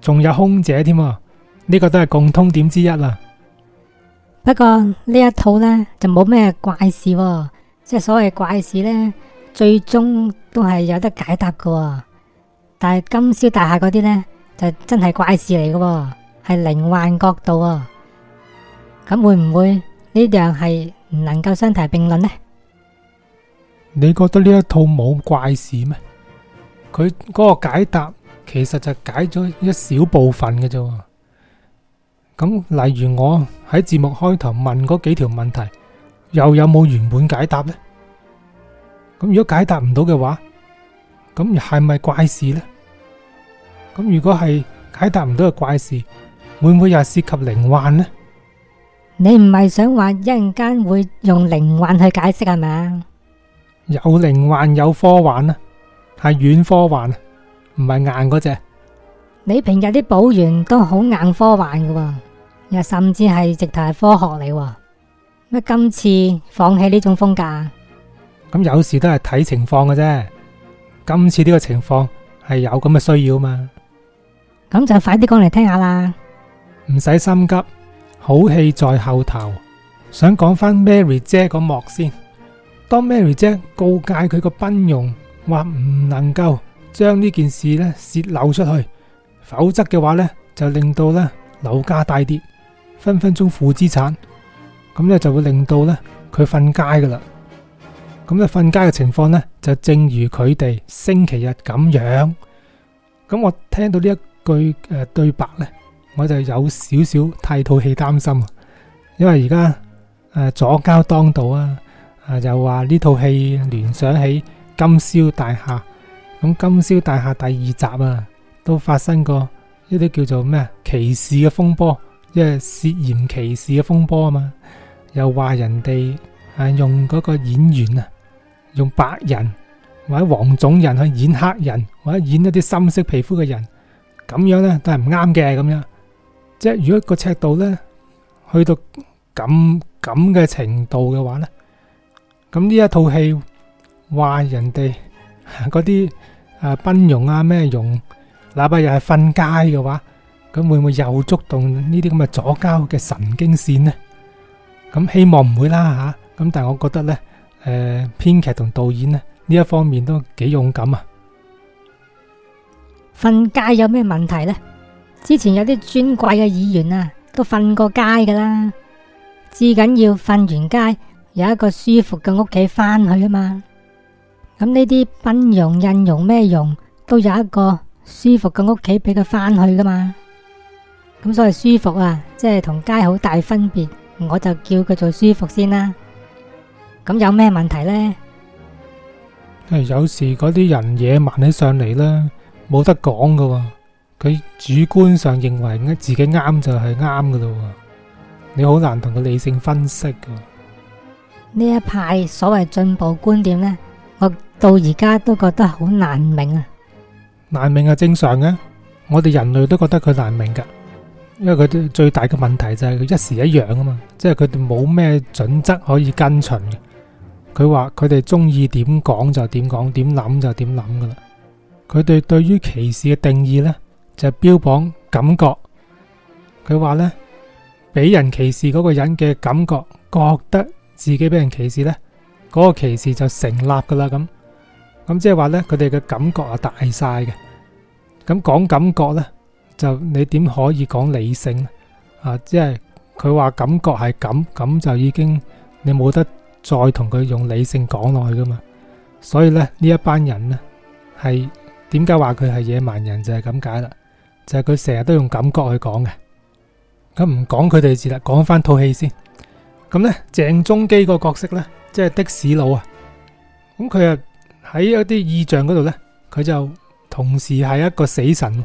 Speaker 1: 仲有空姐添啊，呢個都係共通點之一啦。
Speaker 2: 不過呢一套咧，就冇咩怪事。即係所謂怪事咧，最終都係有得解答嘅。但係金宵大廈嗰啲咧，就真係怪事嚟嘅，係靈幻角度。咁會唔會呢樣係唔能夠相提並論咧？
Speaker 1: 你覺得呢一套冇怪事咩？佢嗰個解答其實就解咗一小部分嘅啫。咁例如我喺節目開頭問嗰幾條問題，又有冇原本解答呢？咁如果解答唔到嘅話，咁係咪怪事呢？咁如果係解答唔到嘅怪事，會唔會又涉及靈幻呢？
Speaker 2: 你唔係想話一陣間會用靈幻去解釋係嘛？
Speaker 1: 有靈幻有科幻啊，係軟科幻啊，唔係硬嗰隻。
Speaker 2: 你平日啲補完都好硬科幻噶，又甚至係直頭係科學嚟。乜今次放棄呢種風格？
Speaker 1: 咁有時都係睇情況嘅啫。今次呢個情況係有咁嘅需要嘛？
Speaker 2: 咁就快啲講嚟聽下啦。
Speaker 1: 唔使心急，好戲在後頭。想講返 Mary 姐個幕先。當 Mary 姐告誡佢個賓傭，話唔能夠將呢件事咧泄漏出去。否則嘅話咧，就令到咧樓價大跌，分分鐘負資產，咁咧就會令到咧佢瞓街噶啦。咁咧瞓街嘅情況咧，就正如佢哋星期日咁樣。咁我聽到呢一句誒對白咧，我就有少少替套戲擔心，因為而家誒左膠當道啊，啊又話呢套戲聯想起《金宵大廈》，咁《金宵大廈》第二集啊。都發生過一啲叫做咩歧視嘅風波，即係涉嫌歧視嘅風波啊嘛。又話人哋啊，用嗰個演員啊，用白人或者黃種人去演黑人，或者演一啲深色皮膚嘅人，咁樣咧都係唔啱嘅咁樣。即係如果個尺度咧去到咁咁嘅程度嘅話咧，咁呢一套戲話人哋嗰啲啊，濫用啊咩用？哪怕又係瞓街嘅話，咁會唔會又觸動呢啲咁嘅左膠嘅神經線呢？咁希望唔會啦吓。咁、啊、但係我覺得呢，誒、呃，編劇同導演呢，呢一方面都幾勇敢啊。
Speaker 2: 瞓街有咩問題呢？之前有啲尊貴嘅議員啊，都瞓過街噶啦。至緊要瞓完街有一個舒服嘅屋企翻去啊嘛。咁呢啲「賓容」、「印容」、咩用？都有一個。舒服嘅屋企俾佢翻去啦嘛，咁所謂舒服啊，即係同街好大分別。我就叫佢做舒服先啦。咁有咩問題咧？
Speaker 1: 誒，有時嗰啲人野蠻起上嚟咧，冇得講噶。佢主觀上認為啱自己啱就係啱噶啦，你好難同佢理性分析噶。
Speaker 2: 呢一派所謂進步觀點咧，我到而家都覺得好難明啊。
Speaker 1: 難明係正常嘅，我哋人類都覺得佢難明噶因為佢哋最大嘅問題就係佢一時一樣啊嘛，即係佢哋冇咩準則可以跟循嘅。佢話佢哋中意點講就點講，點諗就點諗噶啦。佢哋對於歧視嘅定義呢，就標榜感覺。佢話呢，俾人歧視嗰個人嘅感覺，覺得自己俾人歧視呢，嗰個歧視就成立噶啦咁。咁即係話咧，佢哋嘅感覺啊大晒嘅。咁講感覺咧，就你點可以講理性啊？即係佢話感覺係咁咁，就已經你冇得再同佢用理性講落去噶嘛。所以咧呢一班人咧係點解話佢係野蠻人就係咁解啦？就係佢成日都用感覺去講嘅。咁唔講佢哋住啦，講翻套戲先。咁咧，鄭中基個角色咧，即係的士佬啊。咁佢啊。喺一啲意象嗰度呢，佢就同時係一個死神。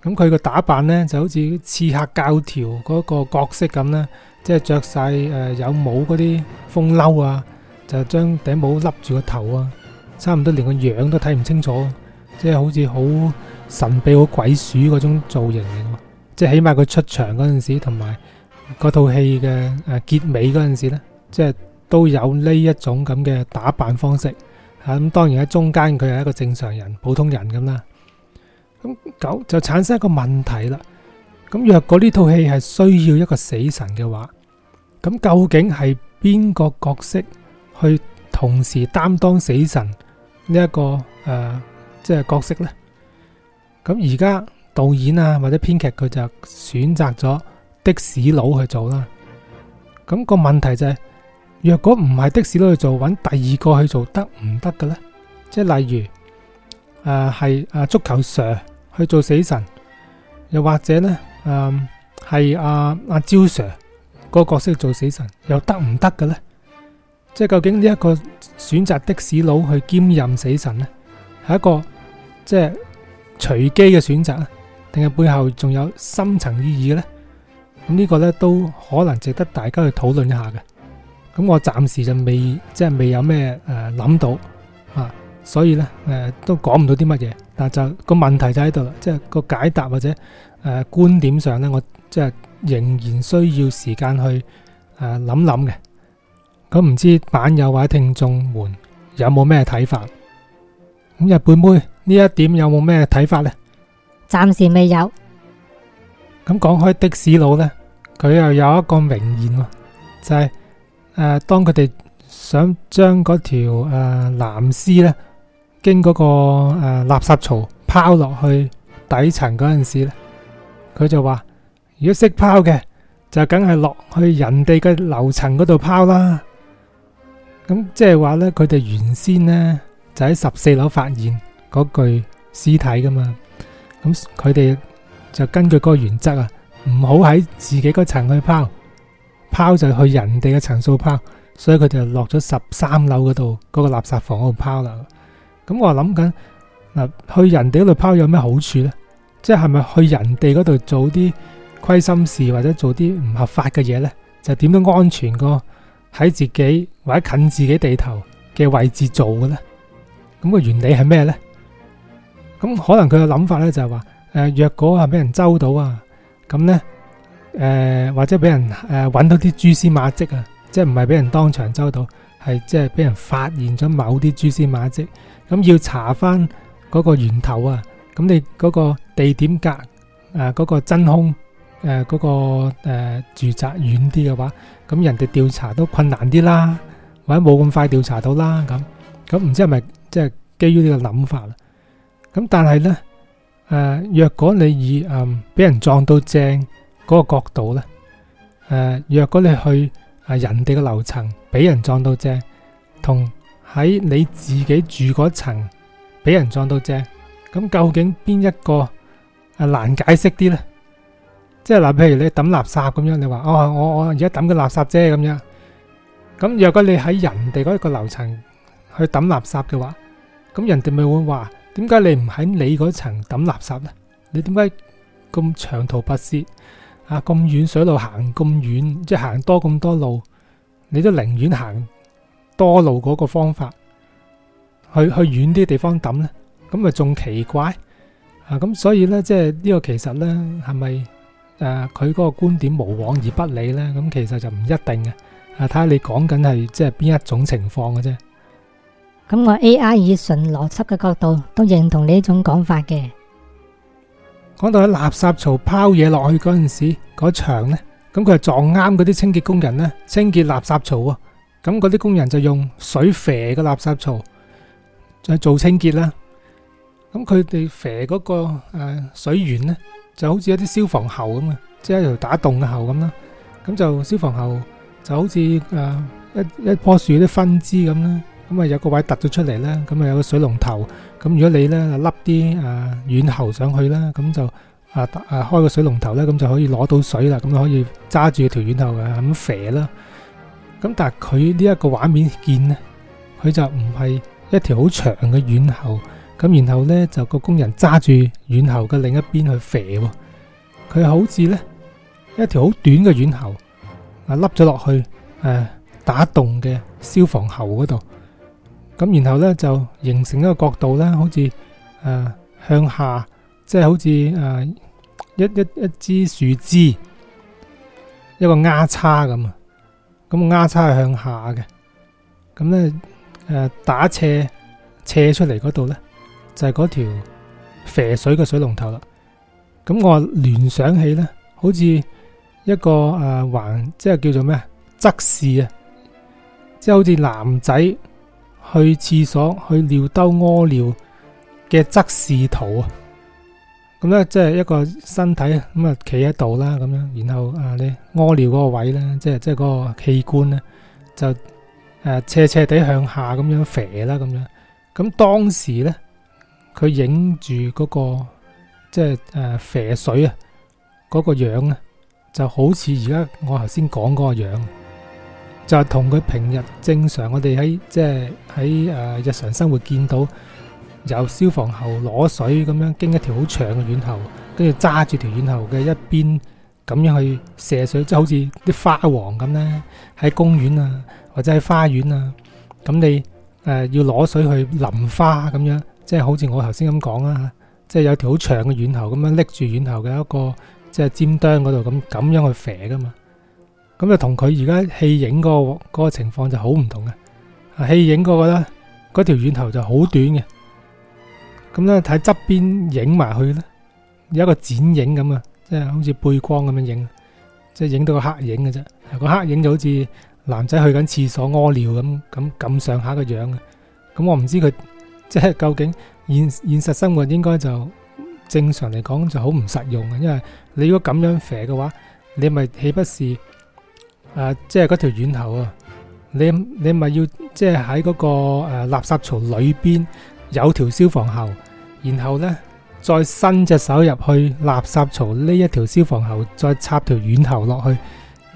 Speaker 1: 咁佢個打扮呢，就好似刺客教條嗰個角色咁呢，即係着晒，誒有帽嗰啲風褸啊，就將頂帽笠住個頭啊，差唔多連個樣都睇唔清楚，即係好似好神秘好鬼鼠嗰種造型嚟，即係起碼佢出場嗰陣時，同埋嗰套戲嘅誒結尾嗰陣時呢，即係都有呢一種咁嘅打扮方式。咁當然喺中間佢係一個正常人、普通人咁啦。咁就就產生一個問題啦。咁若果呢套戲係需要一個死神嘅話，咁究竟係邊個角色去同時擔當死神呢一個誒即係角色呢？咁而家導演啊或者編劇佢就選擇咗的士佬去做啦。咁個問題就係。若果唔係的士佬去做，搵第二個去做得唔得嘅呢？即係例如，誒係誒足球 Sir 去做死神，又或者呢，誒係阿阿蕉 Sir 嗰個角色去做死神，又得唔得嘅呢？即係究竟呢一個選擇的士佬去兼任死神呢，係一個即係、就是、隨機嘅選擇啊，定係背後仲有深層意義嘅呢？咁、這、呢個呢，都可能值得大家去討論一下嘅。咁我暫時就未即係未有咩誒諗到啊，所以咧誒，都講唔到啲乜嘢，但就個問題就喺度啦，即係個解答或者誒觀點上咧，我即係仍然需要時間去誒諗諗嘅。咁唔知版友或者聽眾們有冇咩睇法？咁日本妹呢一點有冇咩睇法
Speaker 2: 咧？暫時未有。
Speaker 1: 咁講開的士佬咧，佢又有一個名言喎，就係。誒、啊，當佢哋想將嗰條誒、呃、藍絲咧，經過、嗰個誒、呃、垃圾槽拋落去底層嗰陣時咧，佢就話：如果識拋嘅，就梗係落去人哋嘅樓層嗰度拋啦。咁即係話咧，佢哋原先咧就喺十四樓發現嗰具屍體噶嘛，咁佢哋就根據嗰個原則啊，唔好喺自己嗰層去拋。拋就去人哋嘅層數拋，所以佢就落咗十三樓嗰度，嗰、嗰個垃圾房度拋啦。咁我諗緊嗱，去人哋嗰度拋有咩好處呢？即係咪去人哋嗰度做啲虧心事或者做啲唔合法嘅嘢呢？就點樣安全過喺自己或者近自己地頭嘅位置做嘅呢？咁、那個原理係咩呢？咁可能佢嘅諗法咧就係、是、話，誒、呃，若果係俾人揪到啊，咁咧。誒，或者俾人誒搵到啲蛛絲馬跡啊，即係唔係俾人當場周到，係即係俾人發現咗某啲蛛絲馬跡，咁要查翻嗰個源頭啊。咁你嗰個地點隔啊，嗰個真空誒，嗰個誒住宅遠啲嘅話，咁人哋調查都困難啲啦，或者冇咁快調查到啦。咁咁唔知係咪即係基於呢個諗法啦？咁但係呢誒，若果你以嗯俾人撞到正。嗰個角度咧，誒，若果你去啊人哋嘅樓層俾人撞到正，同喺你自己住嗰層俾人撞到正，咁究竟邊一個係難解釋啲咧？即係嗱，譬如你抌垃圾咁樣，你話哦，我我而家抌個垃圾啫咁樣。咁若果你喺人哋嗰一個樓層去抌垃圾嘅話，咁人哋咪會話點解你唔喺你嗰層抌垃圾咧？你點解咁長途跋涉？啊！咁遠水路行咁遠，即係行多咁多路，你都寧願行多路嗰個方法去去遠啲地方抌咧，咁咪仲奇怪？啊！咁所以咧，即係呢個其實咧，係咪誒佢嗰個觀點無往而不理咧？咁其實就唔一定嘅。啊，睇下你講緊係即係邊一種情況嘅啫。
Speaker 2: 咁我 AI 以純邏輯嘅角度都認同你呢種講法嘅。
Speaker 1: 講到喺垃圾槽拋嘢落去嗰陣時，嗰場咧，咁佢係撞啱嗰啲清潔工人咧，清潔垃圾槽啊，咁嗰啲工人就用水蛇嘅垃圾槽就做清潔啦。咁佢哋蛇嗰個誒水源咧，就好似一啲消防喉咁啊，即係一條打洞嘅喉咁啦。咁就消防喉就好似誒一一棵樹啲分支咁啦。咁啊，有個位突咗出嚟咧，咁啊有個水龍頭，咁如果你咧啊甩啲啊軟喉上去咧，咁就啊啊開個水龍頭咧，咁就可以攞到水啦，咁就可以揸住條軟喉嘅咁飛啦。咁但係佢呢一個畫面見咧，佢就唔係一條好長嘅軟喉，咁然後咧就個工人揸住軟喉嘅另一邊去飛，佢好似咧一條好短嘅軟喉啊甩咗落去誒打洞嘅消防喉嗰度。咁，然後咧就形成一個角度咧，好似誒、呃、向下，即、就、係、是、好似誒、呃、一一一支樹枝，一個丫叉咁啊。咁、嗯、丫叉係向下嘅，咁咧誒打斜斜出嚟嗰度咧就係、是、嗰條啡水嘅水龍頭啦。咁我聯想起咧，好似一個誒、呃、環，即係叫做咩啊？側視啊，即係好似男仔。去廁所去尿兜屙尿嘅側視圖啊，咁咧即係一個身體啊，咁啊企喺度啦，咁樣，然後啊你屙尿嗰個位咧，即係即係嗰個器官咧，就誒、啊、斜斜地向下咁樣肥啦，咁樣，咁當時咧佢影住嗰、嗰個即係誒瀉水啊嗰個樣，就好似而家我頭先講嗰個樣，就係同佢平日正常，我哋喺即係喺、呃、日常生活見到由消防喉攞水咁樣，經一條好長嘅軟喉，跟住揸住條軟喉嘅一邊，咁樣去射水，即係好似啲花王咁咧，喺公園啊或者喺花園啊，咁你誒要攞水去淋花咁樣，即係好似我頭先咁講啊，即係有條好長嘅軟喉咁樣拎住軟喉嘅一個即係尖端嗰度咁，咁樣去射噶嘛。咁就同佢而家戲影嗰個、嗰個情況就好唔同嘅。戲影嗰個咧，嗰條遠頭就好短嘅。咁咧睇側邊影埋去咧，有一個剪影咁啊，即係好似背光咁樣影，即係影到個黑影嘅啫。個黑影就好似男仔去緊廁所屙、呃、尿咁咁咁上下嘅樣嘅。咁我唔知佢即係究竟現現實生活應該就正常嚟講就好唔實用嘅，因為你如果咁樣肥嘅話，你咪豈不是？啊，即係嗰條軟喉啊！你你咪要即係喺嗰個誒垃圾槽裏邊有條消防喉，然後呢再伸隻手入去垃圾槽呢一條消防喉，再插條軟喉落去，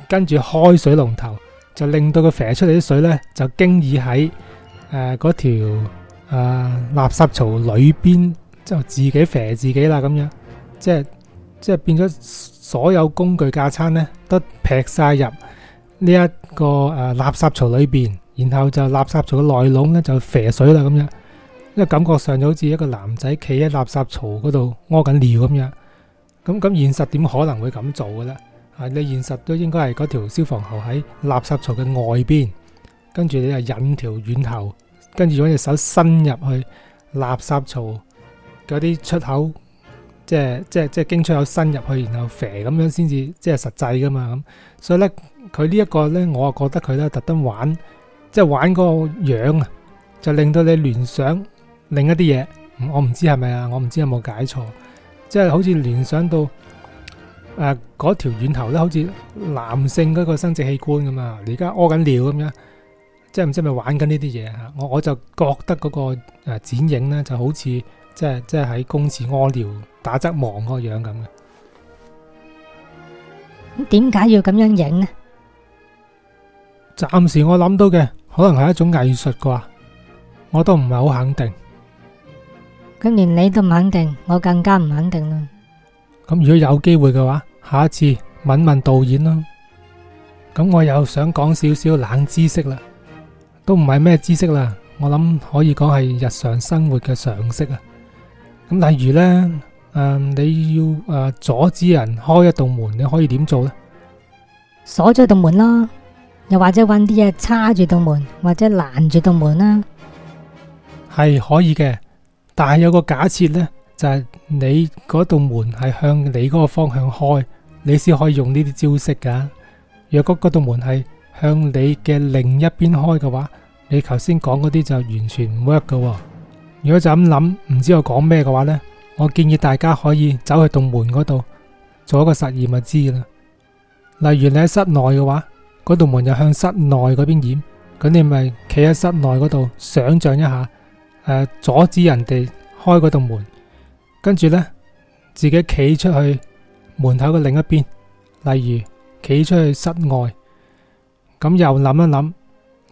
Speaker 1: 跟住開水龍頭，就令到佢射出嚟啲水呢就經已喺誒嗰條誒垃圾槽裏邊就自己射自己啦咁樣，即係即係變咗所有工具架餐呢都劈晒入。呢一個誒垃圾槽裏邊，然後就垃圾槽嘅內籠咧就啡水啦咁樣，因為感覺上就好似一個男仔企喺垃圾槽嗰度屙緊尿咁樣，咁咁現實點可能會咁做嘅咧？啊，你現實都應該係嗰條消防喉喺垃圾槽嘅外邊，跟住你又引條軟喉，跟住用隻手伸入去垃圾槽嗰啲出口，即係即係即係經出口伸入去，然後啡咁樣先至即係實際噶嘛咁，所以咧。佢呢一個咧，我啊覺得佢咧特登玩，即係玩嗰個樣啊，就令到你聯想另一啲嘢。我唔知係咪啊，我唔知有冇解錯，即係好似聯想到誒嗰條軟頭咧，好似男性嗰個生殖器官咁啊，你而家屙緊尿咁樣，即係唔知咪玩緊呢啲嘢啊？我我就覺得嗰個誒剪影咧，就好似即係即係喺公廁屙尿打側望個樣咁嘅。
Speaker 2: 咁點解要咁樣影咧？
Speaker 1: 暫時我諗到嘅可能係一種藝術啩，我都唔係好肯定。
Speaker 2: 咁連你都唔肯定，我更加唔肯定啦。
Speaker 1: 咁如果有機會嘅話，下一次問問導演啦。咁我又想講少少冷知識啦，都唔係咩知識啦，我諗可以講係日常生活嘅常識啊。咁例如呢，誒、呃、你要誒阻止人開一道門，你可以點做呢？
Speaker 2: 鎖咗道門啦。又或者搵啲嘢叉住道門，或者攔住道門啦，
Speaker 1: 係可以嘅。但係有個假設呢，就係、是、你嗰道門係向你嗰個方向開，你先可以用呢啲招式噶。若果嗰道門係向你嘅另一邊開嘅話，你頭先講嗰啲就完全唔 work 噶。如果就咁諗，唔知我講咩嘅話呢，我建議大家可以走去道門嗰度做一個實驗，就知啦。例如你喺室內嘅話。嗰道門又向室內嗰邊掩，咁你咪企喺室內嗰度想象一下，誒，阻止人哋開嗰道門，跟住呢自己企出去門口嘅另一邊，例如企出去室外，咁又諗一諗，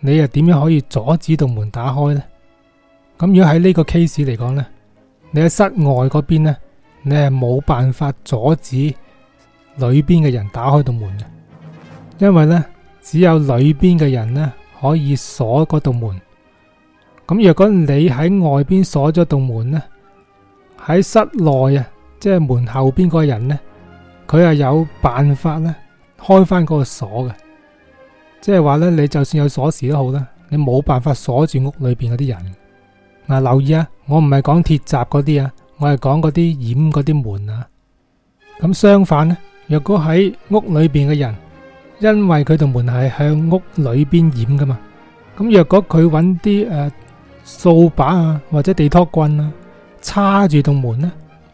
Speaker 1: 你又點樣可以阻止道門打開呢？咁如果喺呢個 case 嚟講呢，你喺室外嗰邊呢，你係冇辦法阻止裏邊嘅人打開道門嘅，因為呢。只有裏邊嘅人呢，可以鎖嗰度門。咁若果你喺外邊鎖咗度門呢，喺室內啊，即係門後邊嗰個人呢，佢係有辦法咧開翻嗰個鎖嘅。即係話呢，你就算有鎖匙都好啦，你冇辦法鎖住屋裏邊嗰啲人。嗱、啊，留意啊，我唔係講鐵閘嗰啲啊，我係講嗰啲掩嗰啲門啊。咁、啊、相反呢，若果喺屋裏邊嘅人。因為佢道門係向屋裏邊掩噶嘛，咁若果佢揾啲誒掃把啊或者地拖棍啊，叉住道門咧，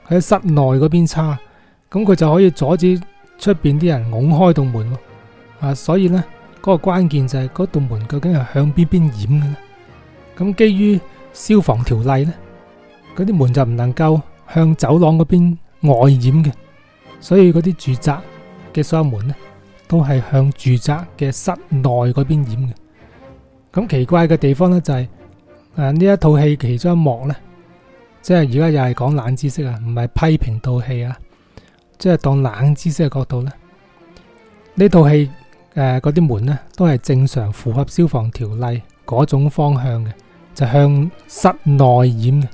Speaker 1: 喺室內嗰邊叉，咁佢就可以阻止出邊啲人拱開道門咯。啊，所以咧，嗰個關鍵就係嗰道門究竟係向邊邊掩嘅咧。咁基於消防條例咧，嗰啲門就唔能夠向走廊嗰邊外掩嘅，所以嗰啲住宅嘅所有門咧，都係向住宅嘅室內嗰邊掩嘅。咁奇怪嘅地方咧就係，誒呢一套戲其中一幕咧，即係而家又係講冷知識啊，唔係批評套戲啊，即係當冷知識嘅角度咧，呢套戲誒嗰啲門咧都係正常符合消防條例嗰種方向嘅，就向室內掩嘅。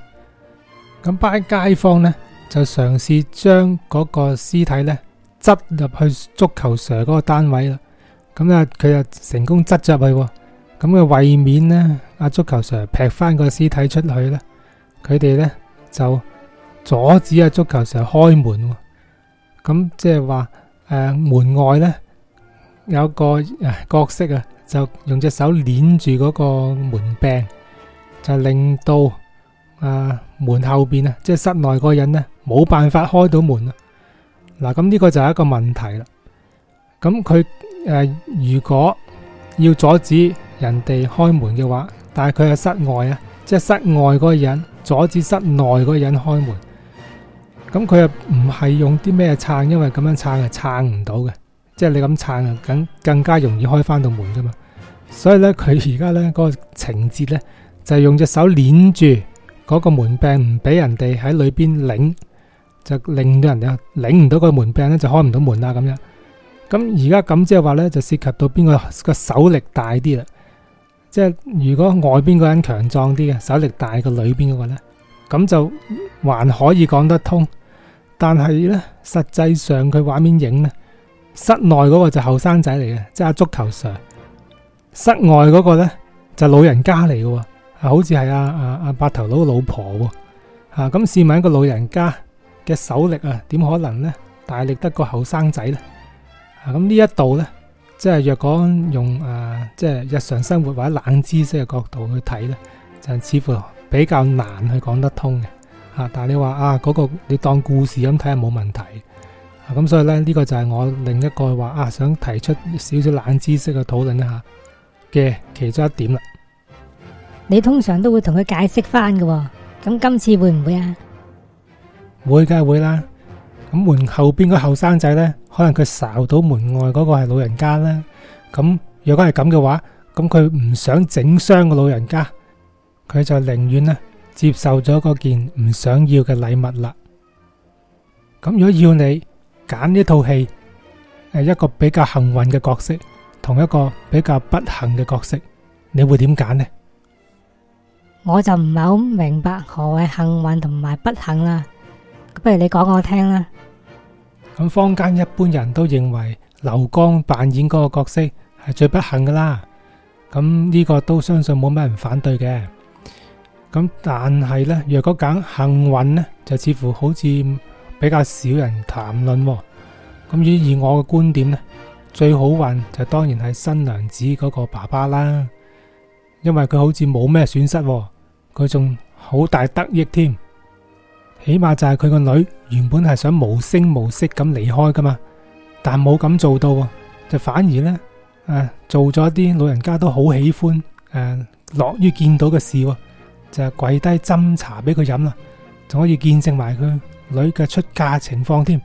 Speaker 1: 咁班街坊咧就嘗試將嗰個屍體咧，執入去足球 Sir 嗰個單位啦，咁啊佢就成功執咗入去，咁佢為免咧，阿足球 Sir 劈翻個屍體出去咧，佢哋咧就阻止阿足球 Sir 開門，咁即係話誒門外咧有個角色啊，就用隻手捻住嗰個門柄，就令到誒門後邊啊即係室內個人咧冇辦法開到門啊。嗱，咁呢個就係一個問題啦。咁佢誒，如果要阻止人哋開門嘅話，但係佢喺室外啊，即係室外嗰個人阻止室內嗰個人開門。咁佢又唔係用啲咩撐，因為咁樣撐係撐唔到嘅，即係你咁撐啊，更更加容易開返到門㗎嘛。所以咧，佢而家咧嗰個情節咧，就係用隻手攣住嗰個門柄，唔俾人哋喺裏邊擰。就令到人哋擰唔到個門柄咧，就開唔到門啦。咁樣咁而家咁即係話咧，就涉及到邊個個手力大啲啦。即係如果外邊嗰人強壯啲嘅手力大過裏邊嗰個咧，咁就還可以講得通。但係咧，實際上佢畫面影咧，室內嗰個就後生仔嚟嘅，即係阿足球 Sir；室外嗰個咧就老人家嚟嘅，啊，好似係阿阿阿白頭佬嘅老婆喎。啊，咁試問一個老人家嘅手力啊，點可能咧？大力得個後生仔咧，啊咁呢一度咧，即係若講用誒，即係日常生活或者冷知識嘅角度去睇咧，就似乎比較難去講得通嘅，啊！但係你話啊，嗰個你當故事咁睇係冇問題，啊咁所以咧呢個就係我另一個話啊，想提出少少冷知識去討論一下嘅其中一點啦。
Speaker 2: 你通常都會同佢解釋翻嘅，咁今次會唔會啊？
Speaker 1: 會，梗係會啦。咁門後邊嗰後生仔呢，可能佢睄到門外嗰個係老人家啦。咁如果係咁嘅話，咁佢唔想整傷個老人家，佢就寧願呢接受咗個件唔想要嘅禮物啦。咁如果要你揀呢套戲，係一個比較幸運嘅角色，同一個比較不幸嘅角色，你會點揀呢？
Speaker 2: 我就唔係好明白何謂幸運同埋不幸啦。不如你講我聽啦。
Speaker 1: 咁坊間一般人都認為劉江扮演嗰個角色係最不幸噶啦。咁呢個都相信冇咩人反對嘅。咁但係呢，若果講幸運呢，就似乎好似比較少人談論喎。咁以以我嘅觀點呢，最好運就當然係新娘子嗰個爸爸啦，因為佢好似冇咩損失喎，佢仲好大得益添。起碼就係佢個女原本係想無聲無息咁離開噶嘛，但冇咁做到，就反而呢，誒做咗一啲老人家都好喜歡，誒樂於見到嘅事，就係跪低斟茶，俾佢飲啦，仲可以見證埋佢女嘅出嫁情況添。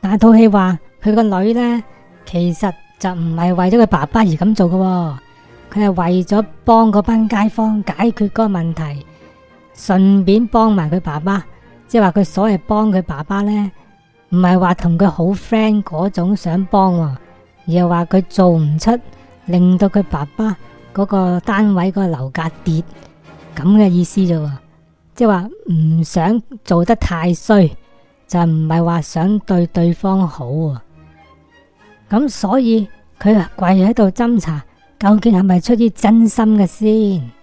Speaker 2: 但係套戲話佢個女呢，其實就唔係為咗佢爸爸而咁做嘅，佢係為咗幫嗰班街坊解決個問題。順便幫埋佢爸爸，即係話佢所謂幫佢爸爸呢，唔係話同佢好 friend 嗰種想幫，啊，而係話佢做唔出令到佢爸爸嗰個單位個樓價跌咁嘅意思啫，即係話唔想做得太衰，就唔係話想對對方好，啊，咁所以佢啊跪喺度斟查，究竟係咪出於真心嘅先？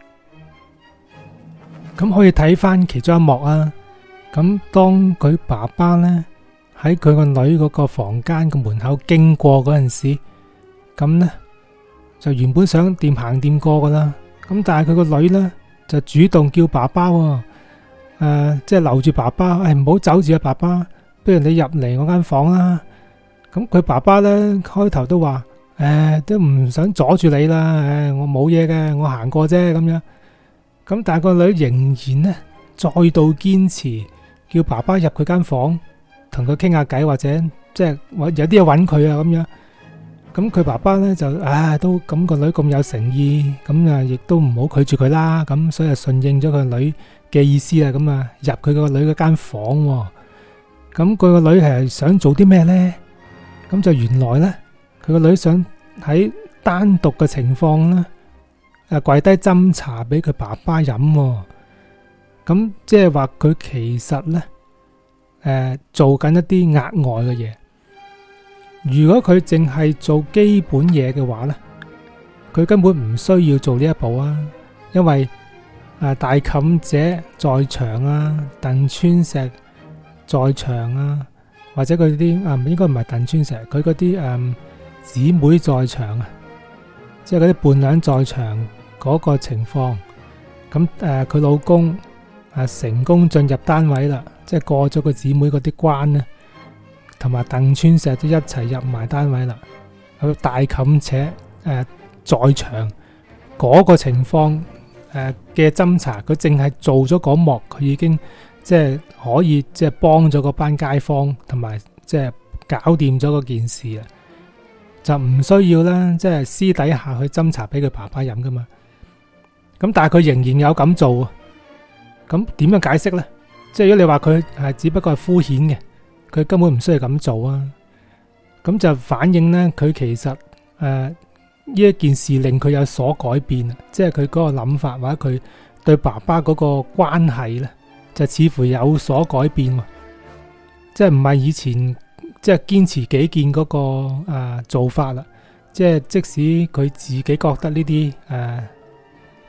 Speaker 1: 咁可以睇翻其中一幕啊！咁當佢爸爸呢喺佢個女嗰個房間個門口經過嗰陣時，咁呢就原本想掂行掂過噶啦。咁但係佢個女呢就主動叫爸爸，誒，即係留住爸爸，誒唔好走住啊！爸爸，不如你入嚟我間房啦。咁佢爸爸呢開頭都話，誒，都唔想阻住你啦，誒，我冇嘢嘅，我行過啫，咁樣。咁但係個女仍然呢，再度堅持叫爸爸入佢間房，同佢傾下偈或者即係有啲嘢揾佢啊咁樣。咁佢爸爸呢，就唉、啊、都咁個女咁有誠意，咁啊亦都唔好拒絕佢啦。咁所以順應咗個女嘅意思啦，咁啊入佢個女嗰間房。咁佢個女係想做啲咩呢？咁就原來呢，佢個女想喺單獨嘅情況啦。誒，跪低斟茶俾佢爸爸飲，哦、咁、嗯、即係話佢其實咧，誒、呃、做緊一啲額外嘅嘢。如果佢淨係做基本嘢嘅話咧，佢根本唔需要做呢一步啊。因為誒、呃、大妗姐在場啊，鄧川石在場啊，或者佢啲啊應該唔係鄧川石，佢嗰啲誒姊妹在場啊，即係嗰啲伴娘在場。嗰個情況，咁誒，佢老公啊成功進入單位啦，即係過咗個姊妹嗰啲關咧，同埋鄧川石都一齊入埋單位啦，佢大冚且誒在場嗰個情況誒嘅偵查，佢淨係做咗嗰幕，佢已經即係可以即係幫咗嗰班街坊，同埋即係搞掂咗嗰件事啊，就唔需要咧，即係私底下去斟茶俾佢爸爸飲噶嘛。咁但係佢仍然有咁做啊？咁點樣解釋呢？即係如果你話佢係只不過係敷衍嘅，佢根本唔需要咁做啊？咁就反映呢，佢其實誒呢一件事令佢有所改變，即係佢嗰個諗法或者佢對爸爸嗰個關係呢，就似乎有所改變，即係唔係以前即係堅持己見嗰個誒、呃、做法啦。即係即使佢自己覺得呢啲誒。呃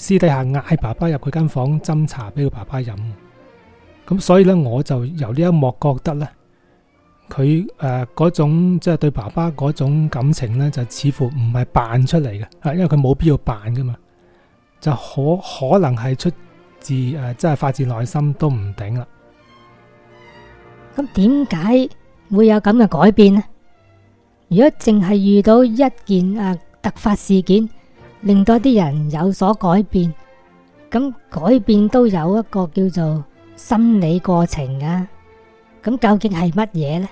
Speaker 1: 私底下嗌爸爸入佢間房斟茶俾佢爸爸飲，咁所以呢，我就由呢一幕覺得呢，佢誒嗰種即係、就是、對爸爸嗰種感情呢，就似乎唔係扮出嚟嘅。啊，因為佢冇必要扮噶嘛，就可可能係出自誒即係發自內心都唔定啦。
Speaker 2: 咁點解會有咁嘅改變呢？如果淨係遇到一件誒、啊、突發事件？令到啲人有所改變，咁改變都有一個叫做心理過程嘅，咁究竟係乜嘢呢？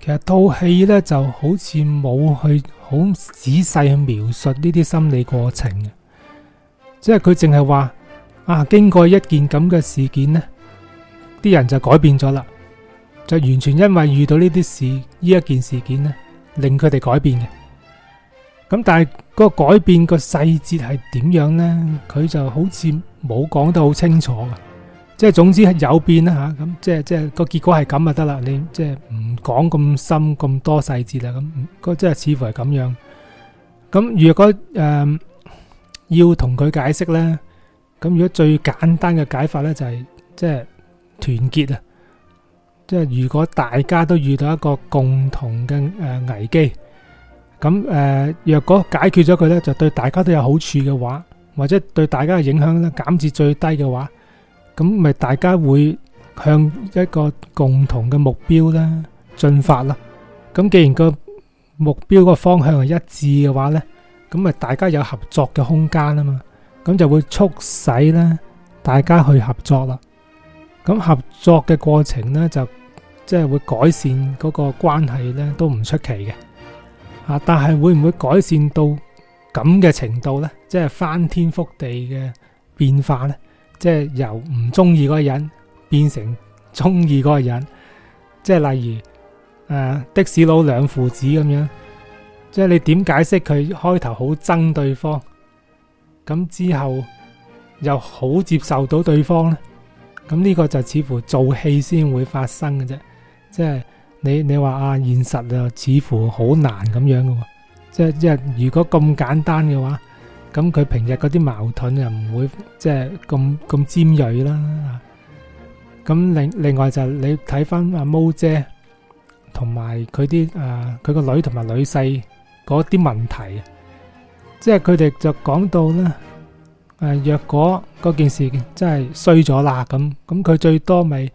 Speaker 1: 其實套戲呢就好似冇去好仔細去描述呢啲心理過程嘅，即係佢淨係話啊，經過一件咁嘅事件呢，啲人就改變咗啦，就完全因為遇到呢啲事呢一件事件呢，令佢哋改變嘅。咁但係嗰個改變個細節係點樣呢？佢就好似冇講得好清楚嘅，即係總之係有變啦吓，咁即係即係個結果係咁就得啦。你即係唔講咁深咁多細節啦，咁嗰即係似乎係咁樣。咁如果誒要同佢解釋呢，咁如果最簡單嘅解法呢就係即係團結啊！即係如果大家都遇到一個共同嘅誒危機。咁誒，若果解決咗佢咧，就對大家都有好處嘅話，或者對大家嘅影響咧減至最低嘅話，咁咪大家會向一個共同嘅目標咧進發啦。咁既然個目標個方向係一致嘅話咧，咁咪大家有合作嘅空間啊嘛，咁就會促使咧大家去合作啦。咁合作嘅過程咧，就即係會改善嗰個關係咧，都唔出奇嘅。啊！但係會唔會改善到咁嘅程度呢？即係翻天覆地嘅變化呢？即係由唔中意嗰個人變成中意嗰個人？即係例如誒的士佬兩父子咁樣，即係你點解釋佢開頭好憎對方，咁之後又好接受到對方呢？咁呢個就似乎做戲先會發生嘅啫，即係。你你話啊，現實又似乎好難咁樣嘅，即係即係如果咁簡單嘅話，咁佢平日嗰啲矛盾又唔會即係咁咁尖銳啦。咁另另外就你睇翻阿毛姐同埋佢啲誒，佢個女同埋女婿嗰啲問題，即係佢哋就講到啦。誒，若果嗰件事真係衰咗啦，咁咁佢最多咪？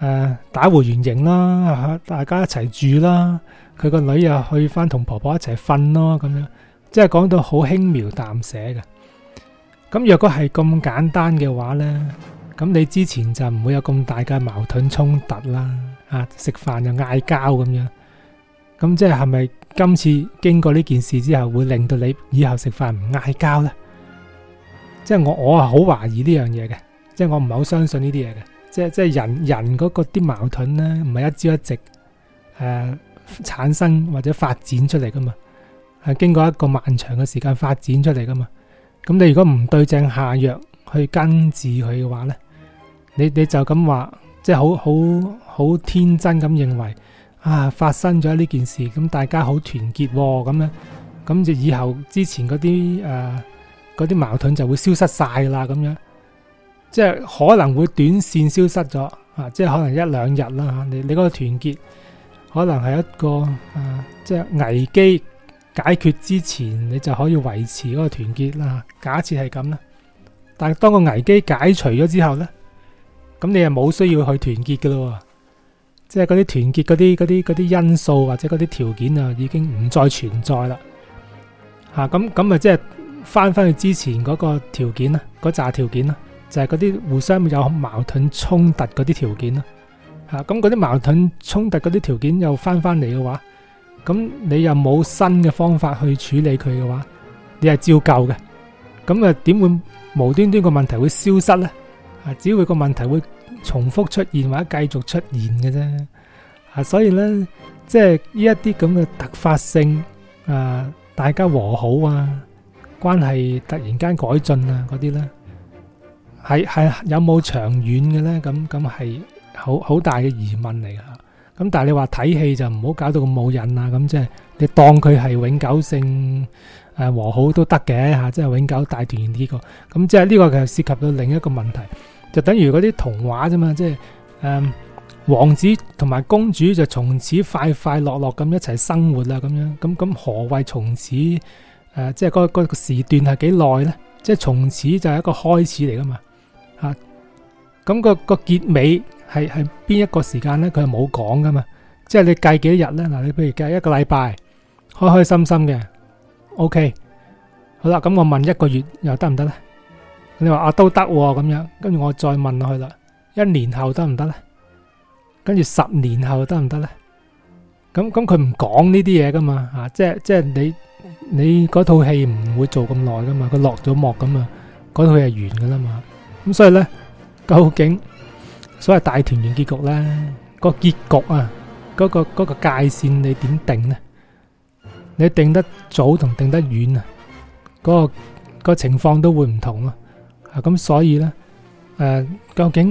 Speaker 1: 誒，打回原形啦，吓大家一齊住啦，佢個女又去翻同婆婆一齊瞓咯，咁樣，即係講到好輕描淡寫嘅。咁若果係咁簡單嘅話呢，咁你之前就唔會有咁大嘅矛盾衝突啦，啊食飯又嗌交咁樣，咁即係係咪今次經過呢件事之後會令到你以後食飯唔嗌交呢？即係我我係好懷疑呢樣嘢嘅，即係我唔係好相信呢啲嘢嘅。即係人人嗰個啲矛盾呢，唔係一朝一夕誒、呃、產生或者發展出嚟噶嘛，係經過一個漫長嘅時間發展出嚟噶嘛。咁你如果唔對症下藥去根治佢嘅話呢，你你就咁話，即係好好好天真咁認為啊，發生咗呢件事，咁大家好團結咁、哦、咧，咁就以後之前嗰啲誒啲矛盾就會消失晒啦，咁樣。即係可能會短線消失咗啊！即係可能一兩日啦，啊。你你嗰個團結可能係一個啊，即係危機解決之前，你就可以維持嗰個團結啦，啊。假設係咁啦，但係當個危機解除咗之後咧，咁你又冇需要去團結噶咯、啊？即係嗰啲團結嗰啲啲啲因素或者嗰啲條件啊，已經唔再存在啦。吓咁咁啊，即係翻翻去之前嗰個條件啦，嗰紮條件啦，啊。就係嗰啲互相有矛盾衝突嗰啲條件咯，吓咁嗰啲矛盾衝突嗰啲條件又翻翻嚟嘅話，咁你又冇新嘅方法去處理佢嘅話，你係照舊嘅，咁啊點會無端端個問題會消失呢？啊，只會個問題會重複出現或者繼續出現嘅啫，啊，所以呢即係呢一啲咁嘅突發性啊，大家和好啊，關係突然間改進啊嗰啲呢。係係有冇長遠嘅呢？咁咁係好好大嘅疑問嚟㗎。咁但係你話睇戲就唔好搞到咁冇癮啦。咁即係你當佢係永久性誒和好都得嘅吓，即、啊、係永久大團圓呢個。咁即係呢個就涉及到另一個問題，就等於嗰啲童話啫嘛。即係誒王子同埋公主就從此快快樂樂咁一齊生活啦。咁樣咁咁何謂從此誒？即係嗰嗰個時段係幾耐呢？即、就、係、是、從此就係一個開始嚟㗎嘛。咁個個結尾係係邊一個時間咧？佢係冇講噶嘛，即係你計幾多日咧？嗱，你譬如計一個禮拜，開開心心嘅，OK，好啦。咁我問一個月又得唔得咧？你話啊都得咁樣，跟住我再問落去啦。一年後得唔得咧？跟住十年後得唔得咧？咁咁佢唔講呢啲嘢噶嘛？啊，即係即係你你嗰套戲唔會做咁耐噶嘛？佢落咗幕咁啊，嗰套係完噶啦嘛。咁所以咧。究竟所謂大團圓結局咧，個結局啊，嗰個嗰個界線你點定咧？你定得早同定得遠啊，嗰個個情況都會唔同咯。啊，咁所以咧，誒，究竟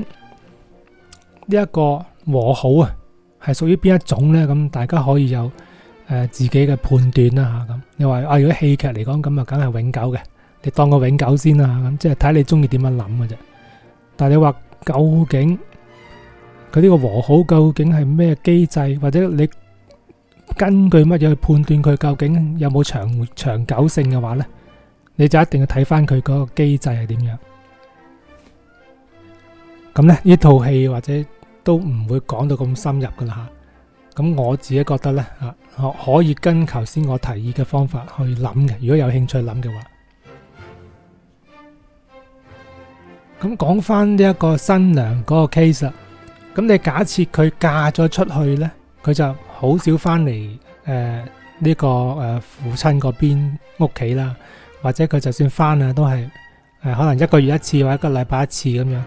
Speaker 1: 呢一個和好啊，係屬於邊一種咧？咁大家可以有誒自己嘅判斷啦吓。咁你話啊，如果戲劇嚟講，咁啊梗係永久嘅，你當個永久先啦。咁即係睇你中意點樣諗嘅啫。但係你話，究竟佢呢個和好究竟係咩機制，或者你根據乜嘢去判斷佢究竟有冇長長久性嘅話呢，你就一定要睇翻佢嗰個機制係點樣。咁呢呢套戲或者都唔會講到咁深入噶啦吓咁我自己覺得呢，啊可可以跟頭先我提議嘅方法去諗嘅。如果有興趣諗嘅話。咁講翻呢一個新娘嗰個 case 啦，咁你假設佢嫁咗出去咧，佢就好少翻嚟誒呢個誒父親嗰邊屋企啦，或者佢就算翻啊，都係誒可能一個月一次或者一個禮拜一次咁樣，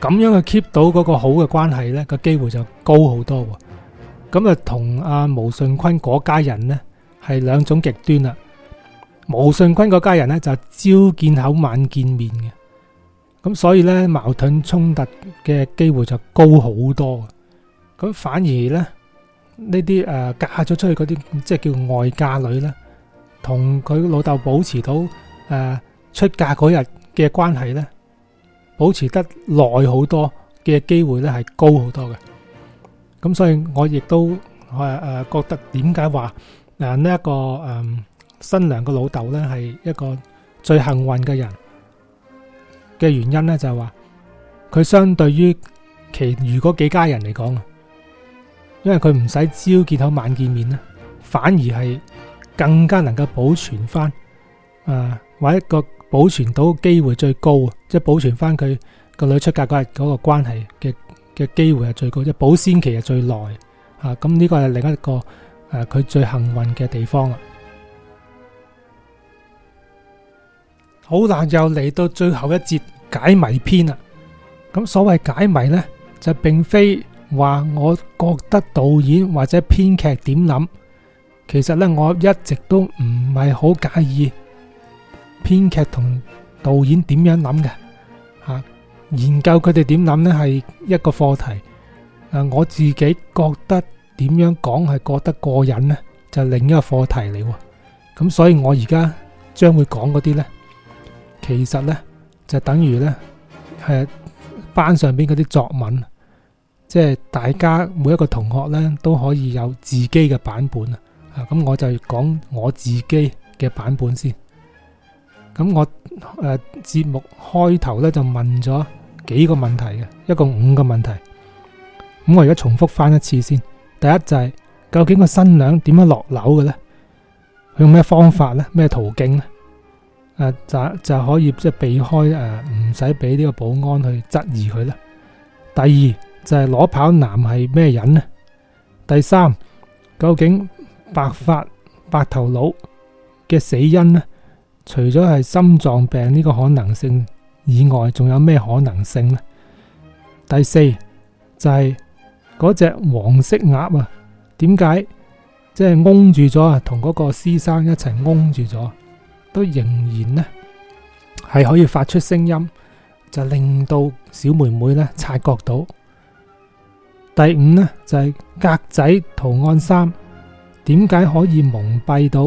Speaker 1: 咁樣去 keep 到嗰個好嘅關係咧，個機會就高好多喎。咁啊，同阿毛舜筠嗰家人咧係兩種極端啦。毛舜筠嗰家人咧就朝見口晚見面嘅。咁所以咧，矛盾衝突嘅機會就高好多。咁反而咧，呢啲誒嫁咗出去嗰啲，即係叫外嫁女咧，同佢老豆保持到誒出嫁嗰日嘅關係咧，保持得耐好多嘅機會咧係高好多嘅。咁所以我亦都誒誒覺得點解話誒呢一個誒新娘嘅老豆咧係一個最幸運嘅人。嘅原因咧就係話，佢相對於其餘幾家人嚟講啊，因為佢唔使朝見口晚見面咧，反而係更加能夠保存翻啊，或者個保存到機會最高，即係保存翻佢個女出嫁嗰日嗰個關係嘅嘅機會係最高，即係保鮮期係最耐啊。咁、嗯、呢、這個係另一個誒，佢、啊、最幸運嘅地方啦。好難又嚟到最後一節解謎篇啦。咁所謂解謎咧，就並非話我覺得導演或者編劇點諗，其實咧我一直都唔係好介意編劇同導演點樣諗嘅吓。研究佢哋點諗咧係一個課題。誒，我自己覺得點樣講係覺得過癮咧，就另一個課題嚟。咁所以我而家將會講嗰啲咧。其實呢就等於呢，係班上邊嗰啲作文，即係大家每一個同學呢都可以有自己嘅版本啊！啊，咁我就講我自己嘅版本先。咁我誒節目開頭呢就問咗幾個問題嘅，一共五個問題。咁我而家重複翻一次先。第一就係究竟個新娘點樣落樓嘅呢？佢用咩方法呢？咩途徑呢？啊，就就可以即係避開誒，唔使俾呢個保安去質疑佢啦。第二就係、是、裸跑男係咩人呢？第三，究竟白髮白頭佬嘅死因呢？除咗係心臟病呢個可能性以外，仲有咩可能性呢？第四就係嗰隻黃色鴨啊，點解即係擁住咗啊？同嗰個師生一齊擁住咗？都仍然呢，係可以發出聲音，就令到小妹妹咧察覺到。第五呢，就係、是、格仔圖案三，點解可以蒙蔽到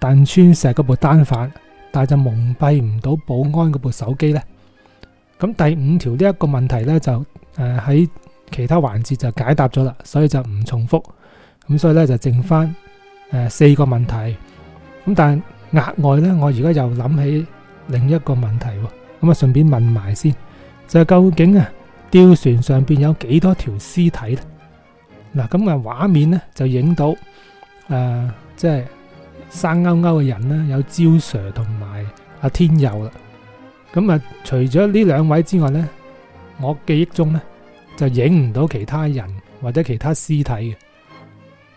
Speaker 1: 鄧川石嗰部單反，但係就蒙蔽唔到保安嗰部手機呢？咁第五條呢一個問題呢，就誒喺、呃、其他環節就解答咗啦，所以就唔重複。咁所以咧就剩翻、呃、四個問題。咁但額外呢，我而家又諗起另一個問題喎，咁啊順便問埋先，就係究竟啊吊船上邊有幾多條屍體呢？嗱，咁嘅畫面呢，就影到，誒、呃，即係生勾勾嘅人呢，有焦 Sir 同埋阿天佑啦。咁啊，除咗呢兩位之外呢，我記憶中呢，就影唔到其他人或者其他屍體嘅。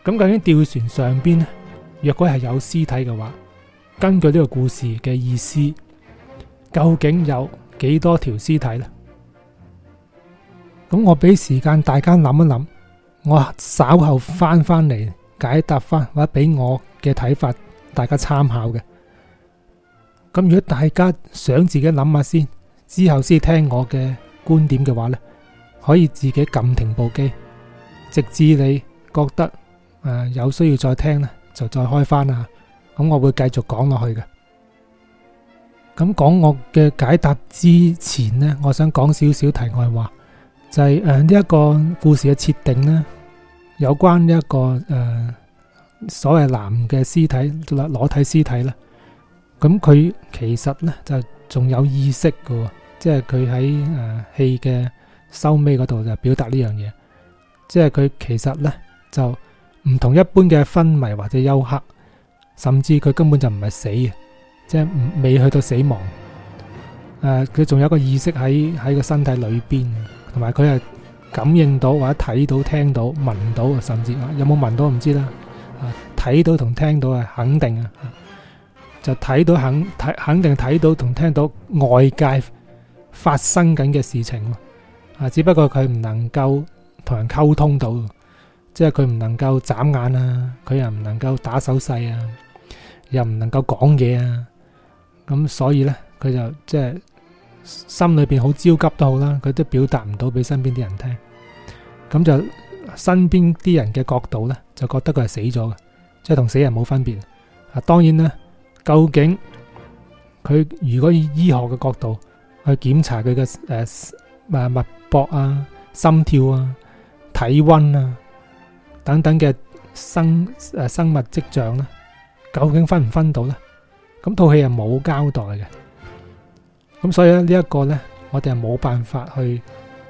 Speaker 1: 咁究竟吊船上邊呢，若果係有屍體嘅話，根據呢個故事嘅意思，究竟有幾多條屍體呢？咁我俾時間大家諗一諗，我稍後翻翻嚟解答翻或者俾我嘅睇法，大家參考嘅。咁如果大家想自己諗下先，之後先聽我嘅觀點嘅話呢，可以自己撳停部機，直至你覺得誒有需要再聽啦，就再開翻啦。咁我會繼續講落去嘅。咁講我嘅解答之前呢，我想講少少題外話，就係誒呢一個故事嘅設定呢，有關呢、這、一個誒、呃、所謂男嘅屍體，裸體屍體啦。咁佢其，、呃、其實呢，就仲有意識嘅，即係佢喺誒戲嘅收尾嗰度就表達呢樣嘢，即係佢其實呢，就唔同一般嘅昏迷或者休克。甚至佢根本就唔係死，即係未去到死亡。誒、呃，佢仲有個意識喺喺個身體裏邊，同埋佢係感應到或者睇到、聽到、聞到，甚至、啊、有冇聞到唔知啦。啊，睇到同聽到係肯定啊，就睇到肯睇肯定睇到同聽到外界發生緊嘅事情，啊，只不過佢唔能夠同人溝通到。即係佢唔能夠眨眼啊，佢又唔能夠打手勢啊，又唔能夠講嘢啊，咁所以咧，佢就即係心裏邊好焦急都好啦，佢都表達唔到俾身邊啲人聽，咁就身邊啲人嘅角度咧，就覺得佢係死咗嘅，即係同死人冇分別。啊，當然咧，究竟佢如果以醫學嘅角度去檢查佢嘅誒誒脈搏啊、心跳啊、體溫啊。等等嘅生誒生物跡象咧，究竟分唔分到咧？咁套戲又冇交代嘅，咁所以咧呢一個咧，我哋係冇辦法去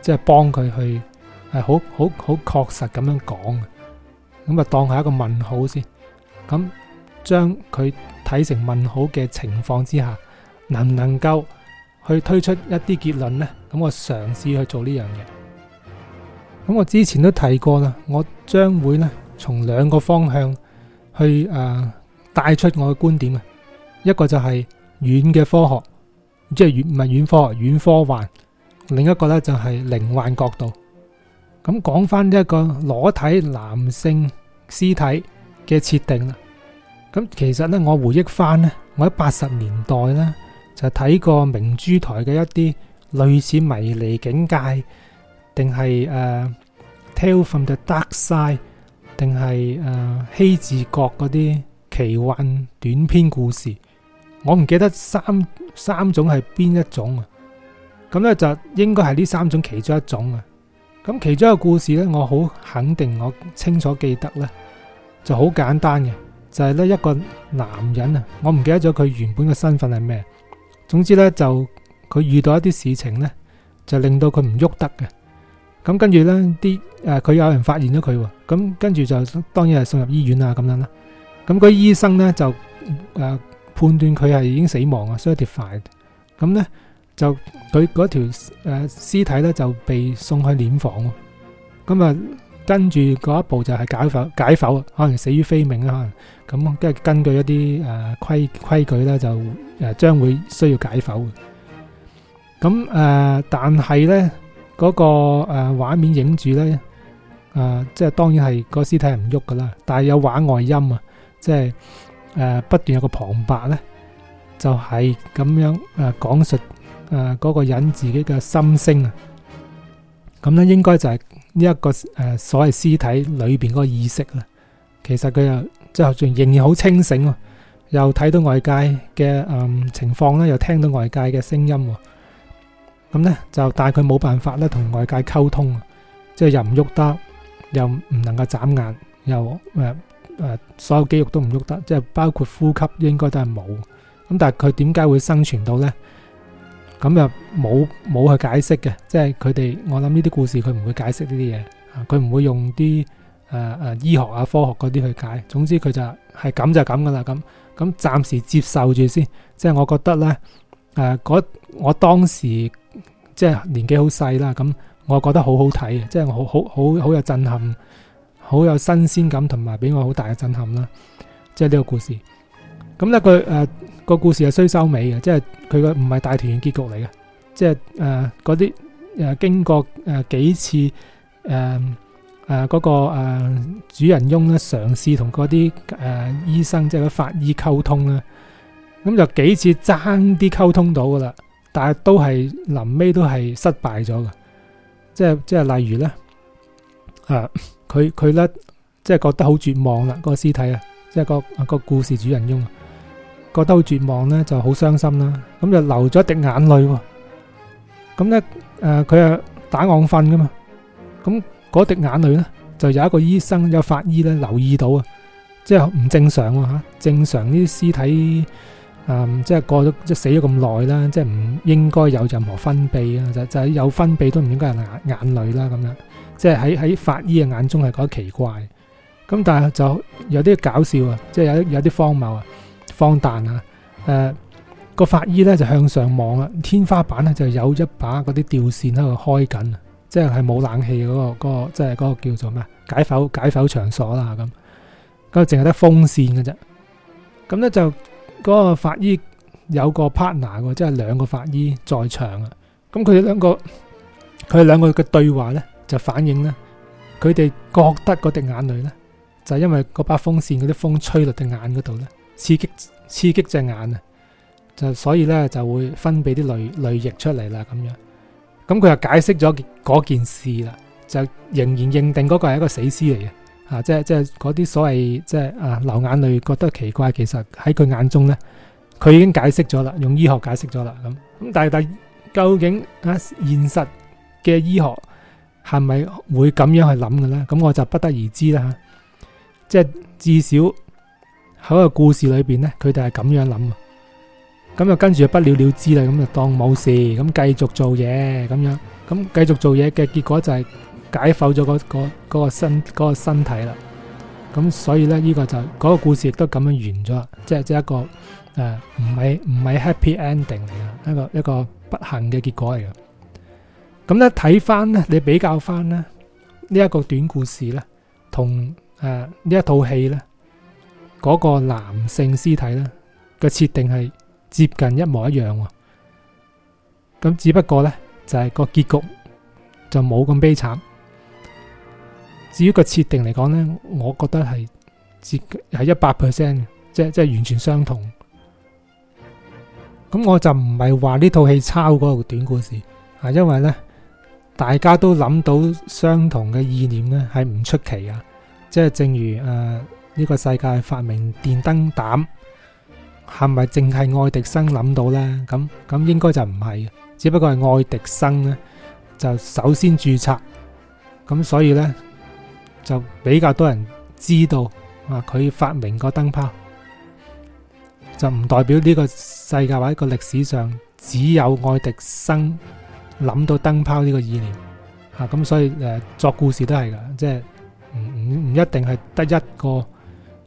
Speaker 1: 即係幫佢去係好好好確實咁樣講嘅。咁啊，當係一個問號先，咁將佢睇成問號嘅情況之下，能唔能夠去推出一啲結論咧？咁我嘗試去做呢樣嘢。咁我之前都提過啦，我將會咧從兩個方向去誒、呃、帶出我嘅觀點啊。一個就係軟嘅科學，即係軟，唔係軟科學、軟科幻；另一個咧就係、是、靈幻角度。咁講翻呢一個裸體男性屍體嘅設定啦。咁其實咧，我回憶翻咧，我喺八十年代咧就睇過《明珠台》嘅一啲類似《迷離境界》。定係誒《Tales From The Dark Side》，定係誒希治閣嗰啲奇幻短篇故事。我唔記得三三種係邊一種啊？咁咧就應該係呢三種其中一種啊。咁其中一個故事咧，我好肯定，我清楚記得咧，就好簡單嘅就係咧一個男人啊。我唔記得咗佢原本嘅身份係咩。總之咧就佢遇到一啲事情咧，就令到佢唔喐得嘅。咁跟住咧，啲誒佢有人發現咗佢喎，咁跟住就當然係送入醫院啊，咁樣啦。咁嗰啲醫生咧就誒判斷佢係已經死亡啊，certified。咁咧就佢嗰條誒屍體咧就被送去殮房咯。咁啊，跟住嗰一步就係解剖解剖啊，可能死於非命啦，可能咁跟根據一啲誒規規矩咧，就誒將會需要解剖嘅。咁誒，但係咧。嗰個誒畫面影住咧，誒，即係當然係個屍體係唔喐噶啦，但係有畫外音啊，即係誒不斷有個旁白咧，就係咁樣誒講述誒嗰個人自己嘅心聲啊。咁咧應該就係呢一個誒所謂屍體裏邊嗰個意識啦。其實佢又即係仲仍然好清醒，又睇到外界嘅誒情況咧，又聽到外界嘅聲音。咁咧就但係佢冇辦法咧同外界溝通啊，即係又唔喐得，又唔能夠眨眼，又誒誒所有肌肉都唔喐得，即係包括呼吸應該都係冇。咁但係佢點解會生存到咧？咁又冇冇去解釋嘅，即係佢哋我諗呢啲故事佢唔會解釋呢啲嘢，佢唔會用啲誒誒醫學啊科學嗰啲去解。總之佢就係咁就係咁噶啦，咁咁暫時接受住先。即係我覺得咧誒嗰。我當時即係年紀好細啦，咁我覺得很好好睇嘅，即係我好好好好有震撼，好有新鮮感，同埋俾我好大嘅震撼啦。即係呢個故事，咁咧個誒個故事係衰收尾嘅，即係佢個唔係大團圓結局嚟嘅，即係誒嗰啲誒經過誒、呃、幾次誒誒嗰個誒、呃、主人翁咧嘗試同嗰啲誒醫生即係嗰法醫溝通啦，咁就幾次爭啲溝通到噶啦。但係都係臨尾都係失敗咗嘅，即係即係例如咧，誒，佢佢咧即係覺得好絕望啦，個屍體啊，即係個個故事主人翁啊，覺得好絕望咧，就好傷心啦，咁就流咗一滴眼淚，咁咧誒，佢啊打晏瞓噶嘛，咁嗰滴眼淚咧就有一個醫生有法醫咧留意到啊，即係唔正常啊吓，正常呢啲屍體。嗯，即係過咗即係死咗咁耐啦，即係唔應該有任何分泌啊，就就係有分泌都唔應該係眼眼淚啦咁樣，即係喺喺法醫嘅眼中係覺得奇怪，咁但係就有啲搞笑啊，即係有有啲荒謬啊、荒誕啊，誒，個法醫咧就向上望啊，天花板咧就有一把嗰啲吊扇喺度開緊啊，即係係冇冷氣嗰個嗰個即係嗰個叫做咩解剖解剖場所啦咁，咁淨係得風扇嘅啫，咁咧就。嗰個法醫有個 partner 喎，即係兩個法醫在場啊。咁佢哋兩個，佢哋兩個嘅對話呢，就反映呢，佢哋覺得嗰滴眼淚呢，就係因為嗰把風扇嗰啲風吹落隻眼嗰度呢，刺激刺激隻眼啊，就所以呢就會分泌啲淚淚液出嚟啦咁樣。咁佢又解釋咗件嗰件事啦，就仍然認定嗰個係一個死屍嚟嘅。啊！即係即係嗰啲所謂即係啊流眼淚，覺得奇怪。其實喺佢眼中咧，佢已經解釋咗啦，用醫學解釋咗啦。咁咁但係但究竟啊現實嘅醫學係咪會咁樣去諗嘅咧？咁我就不得而知啦。吓，即係至少喺個故事裏邊咧，佢哋係咁樣諗。咁就跟住就不了了之啦。咁就當冇事，咁繼續做嘢咁樣。咁繼續做嘢嘅結果就係。解剖咗嗰嗰嗰個身嗰個身體啦，咁所以咧呢個就嗰個故事亦都咁樣完咗，即係即係一個誒唔係唔係 happy ending 嚟噶，一個一個不幸嘅結果嚟噶。咁咧睇翻咧，你比較翻咧呢一個短故事咧，同誒呢一套戲咧嗰個男性屍體咧嘅設定係接近一模一樣，咁只不過咧就係個結局就冇咁悲慘。至於個設定嚟講呢我覺得係，係一百 percent，即即係完全相同。咁我就唔係話呢套戲抄嗰個短故事啊，因為呢大家都諗到相同嘅意念呢，係唔出奇啊。即係正如誒呢、呃這個世界發明電燈膽，係咪淨係愛迪生諗到呢？咁咁應該就唔係，只不過係愛迪生呢就首先註冊。咁所以呢。就比較多人知道，啊，佢發明個燈泡，就唔代表呢個世界或者個歷史上只有愛迪生諗到燈泡呢個意念，啊，咁所以誒作故事都係噶，即係唔唔唔一定係得一個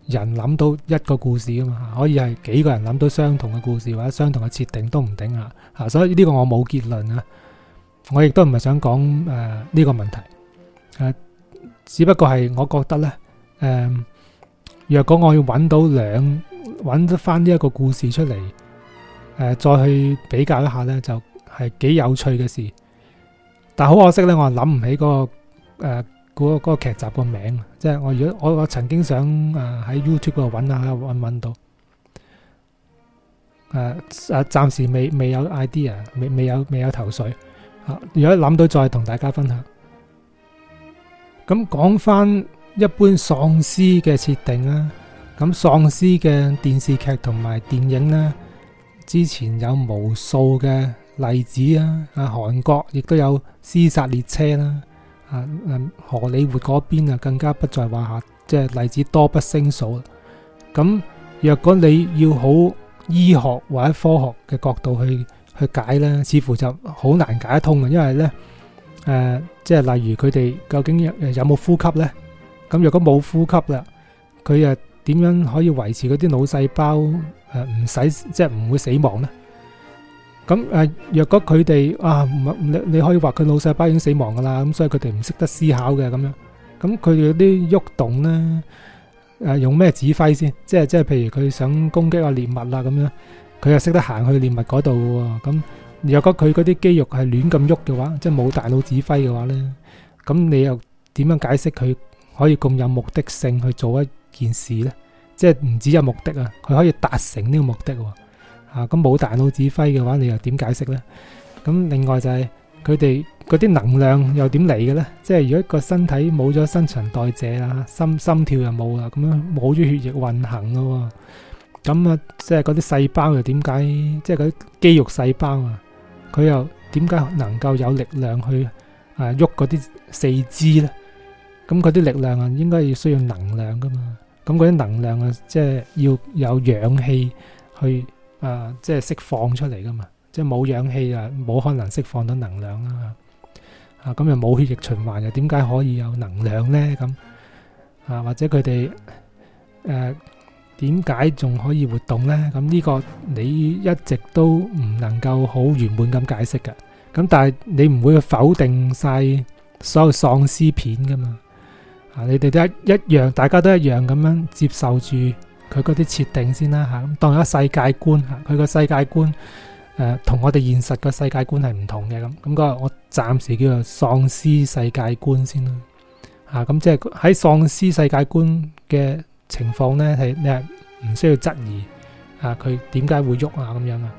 Speaker 1: 人諗到一個故事吖嘛，可以係幾個人諗到相同嘅故事或者相同嘅設定都唔定啊，啊，所以呢個我冇結論啊，我亦都唔係想講誒呢個問題，誒。只不過係，我覺得呢，誒、嗯，若果我要揾到兩揾得翻呢一個故事出嚟、呃，再去比較一下呢，就係、是、幾有趣嘅事。但好可惜呢，我諗唔起嗰、那個誒、呃那個劇、那個、集個名，即係我如果我我曾經想啊喺 YouTube 嗰度揾下，揾揾到，誒、呃、暫時未未有 idea，未未有未有頭緒、呃。如果諗到再同大家分享。咁講翻一般喪屍嘅設定啦，咁喪屍嘅電視劇同埋電影咧，之前有無數嘅例子啊，啊韓國亦都有《屍殺列車》啦，啊啊，荷里活嗰邊啊更加不在話下，即係例子多不勝數。咁若果你要好醫學或者科學嘅角度去去解咧，似乎就好難解得通啊，因為咧。誒，即係例如佢哋究竟有有冇呼吸咧？咁若果冇呼吸啦，佢誒點樣可以維持嗰啲腦細胞誒唔使即係唔會死亡咧？咁誒若果佢哋啊唔你你可以話佢腦細胞已經死亡噶啦，咁所以佢哋唔識得思考嘅咁樣。咁佢哋嗰啲喐動咧誒用咩指揮先？即係即係譬如佢想攻擊個獵物啦咁樣，佢又識得行去獵物嗰度嘅喎咁。若果佢嗰啲肌肉係亂咁喐嘅話，即係冇大腦指揮嘅話咧，咁你又點樣解釋佢可以咁有目的性去做一件事咧？即係唔止有目的啊，佢可以達成呢個目的喎。嚇，咁冇大腦指揮嘅話，你又點解釋咧？咁另外就係佢哋嗰啲能量又點嚟嘅咧？即係如果個身體冇咗新陳代謝啦，心心跳又冇啦，咁樣冇咗血液運行咯，咁啊，即係嗰啲細胞又點解？即係嗰啲肌肉細胞啊？佢又點解能夠有力量去啊喐嗰啲四肢咧？咁嗰啲力量啊，應該要需要能量㗎嘛？咁嗰啲能量啊，即係要有氧氣去啊，即係釋放出嚟㗎嘛？即係冇氧氣啊，冇可能釋放到能量啦嘛？啊咁又冇血液循環，又點解可以有能量咧？咁啊，或者佢哋誒？點解仲可以活動呢？咁、這、呢個你一直都唔能夠好圓滿咁解釋嘅。咁但係你唔會去否定曬所有喪屍片㗎嘛？啊，你哋都一樣樣，大家都一樣咁樣接受住佢嗰啲設定先啦嚇。咁當一世界觀，佢個世界觀同、呃、我哋現實個世界觀係唔同嘅咁。咁嗰個我暫時叫做喪屍世界觀先啦。嚇、啊、咁即係喺喪屍世界觀嘅。情況咧係你係唔需要質疑啊，佢點解會喐啊咁樣啊，、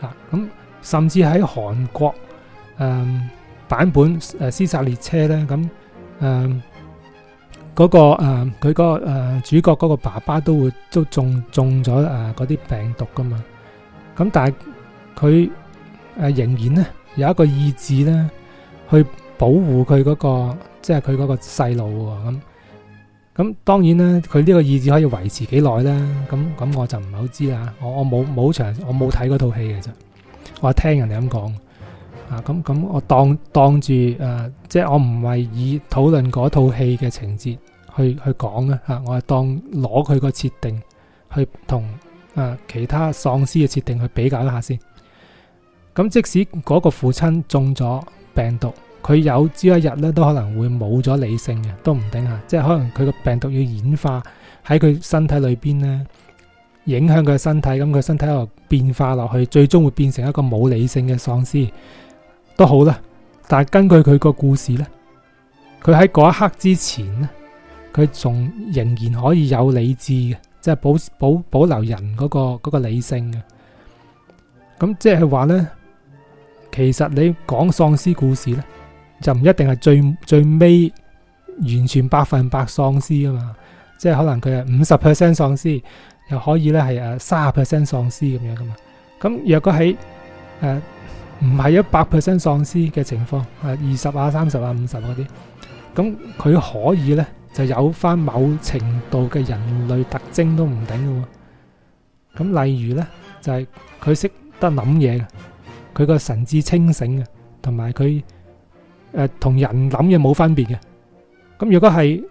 Speaker 1: 嗯、啊？啊咁，甚至喺韓國誒版本誒《屍殺列車》咧、那個，咁誒嗰個佢個誒主角嗰個爸爸都會都中中咗誒嗰啲病毒噶嘛。咁、啊、但係佢誒仍然咧有一個意志咧，去保護佢嗰個即係佢嗰個細路喎咁。啊。咁當然啦，佢呢個意志可以維持幾耐咧？咁咁我就唔係好知啦。我我冇冇場，我冇睇嗰套戲嘅啫。我聽人哋咁講啊，咁咁我當當住誒，即、啊、係、就是、我唔係以討論嗰套戲嘅情節去去講嘅吓，我係當攞佢個設定去同誒、啊、其他喪屍嘅設定去比較一下先。咁即使嗰個父親中咗病毒。佢有朝一日咧，都可能會冇咗理性嘅，都唔定啊！即係可能佢個病毒要演化喺佢身體裏邊咧，影響佢身體，咁佢身體又變化落去，最終會變成一個冇理性嘅喪屍都好啦。但係根據佢個故事咧，佢喺嗰一刻之前咧，佢仲仍然可以有理智嘅，即係保保保留人嗰個嗰個理性嘅。咁即係話咧，其實你講喪屍故事咧。就唔一定係最最尾完全百分百喪屍啊嘛，即係可能佢係五十 percent 喪屍，又可以咧係誒三十 percent 喪屍咁樣噶嘛。咁若果喺誒唔係一百 percent 喪屍嘅情況，誒二十啊、三十啊、五十啲，咁佢可以咧就有翻某程度嘅人類特徵都唔頂嘅喎。咁例如咧，就係佢識得諗嘢嘅，佢個神智清醒，同埋佢。誒，同人諗嘢冇分別嘅。咁如果係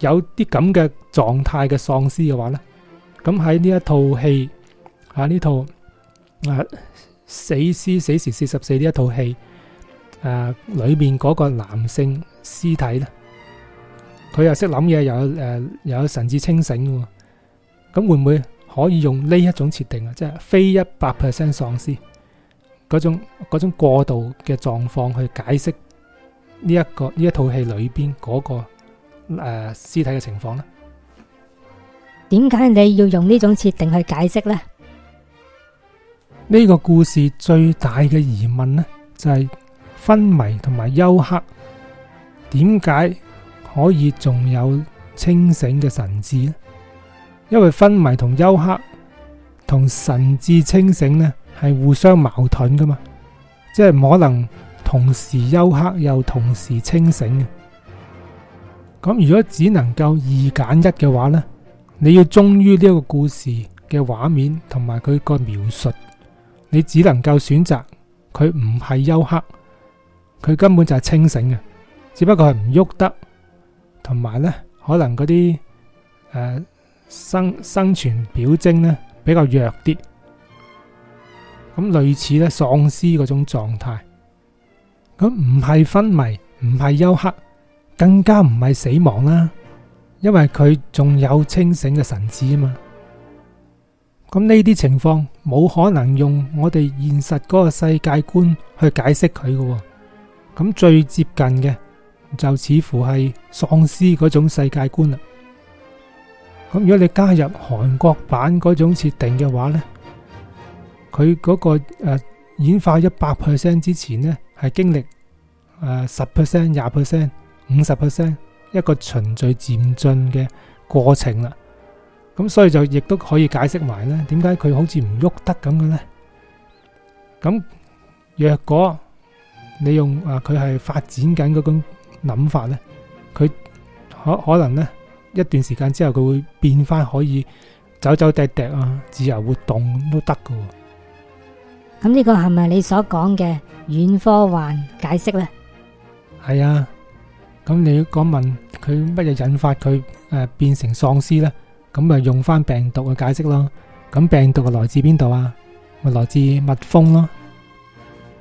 Speaker 1: 有啲咁嘅狀態嘅喪屍嘅話咧，咁喺呢一套戲，喺呢套啊死屍死時四十四呢一套戲誒裡面，嗰個男性屍體咧，佢又識諗嘢，又有誒又有神志清醒嘅。咁會唔會可以用呢一種設定啊？即係非一百 percent 喪屍嗰種嗰種過度嘅狀況去解釋？呢一個呢一套戲裏邊嗰個誒屍體嘅情
Speaker 2: 況咧，點解你要用呢種設定去解釋咧？
Speaker 1: 呢個故事最大嘅疑問咧，就係昏迷同埋休克，點解可以仲有清醒嘅神志咧？因為昏迷同休克同神志清醒咧係互相矛盾噶嘛，即係唔可能。同時休克又同時清醒嘅，咁如果只能夠二揀一嘅話咧，你要忠於呢一個故事嘅畫面同埋佢個描述，你只能夠選擇佢唔係休克，佢根本就係清醒嘅，只不過係唔喐得，同埋咧可能嗰啲誒生生存表徵咧比較弱啲，咁類似咧喪屍嗰種狀態。佢唔係昏迷，唔係休克，更加唔係死亡啦，因為佢仲有清醒嘅神智啊嘛。咁呢啲情況冇可能用我哋現實嗰個世界觀去解釋佢嘅，咁最接近嘅就似乎係喪屍嗰種世界觀啦。咁如果你加入韓國版嗰種設定嘅話呢，佢嗰、那個誒、呃、演化一百 percent 之前呢。係經歷誒十 percent、廿 percent、五十 percent 一個循序漸進嘅過程啦，咁所以就亦都可以解釋埋咧，點解佢好似唔喐得咁嘅咧？咁若果你用啊，佢係發展緊嗰種諗法咧，佢可可能咧一段時間之後，佢會變翻可以走走趯趯啊，自由活動都得噶
Speaker 2: 咁呢個係咪你所講嘅軟科幻解釋呢？
Speaker 1: 係啊，咁你要講問佢乜嘢引發佢誒變成喪屍呢？咁咪用翻病毒嘅解釋咯。咁病毒係來自邊度啊？咪來自蜜蜂咯。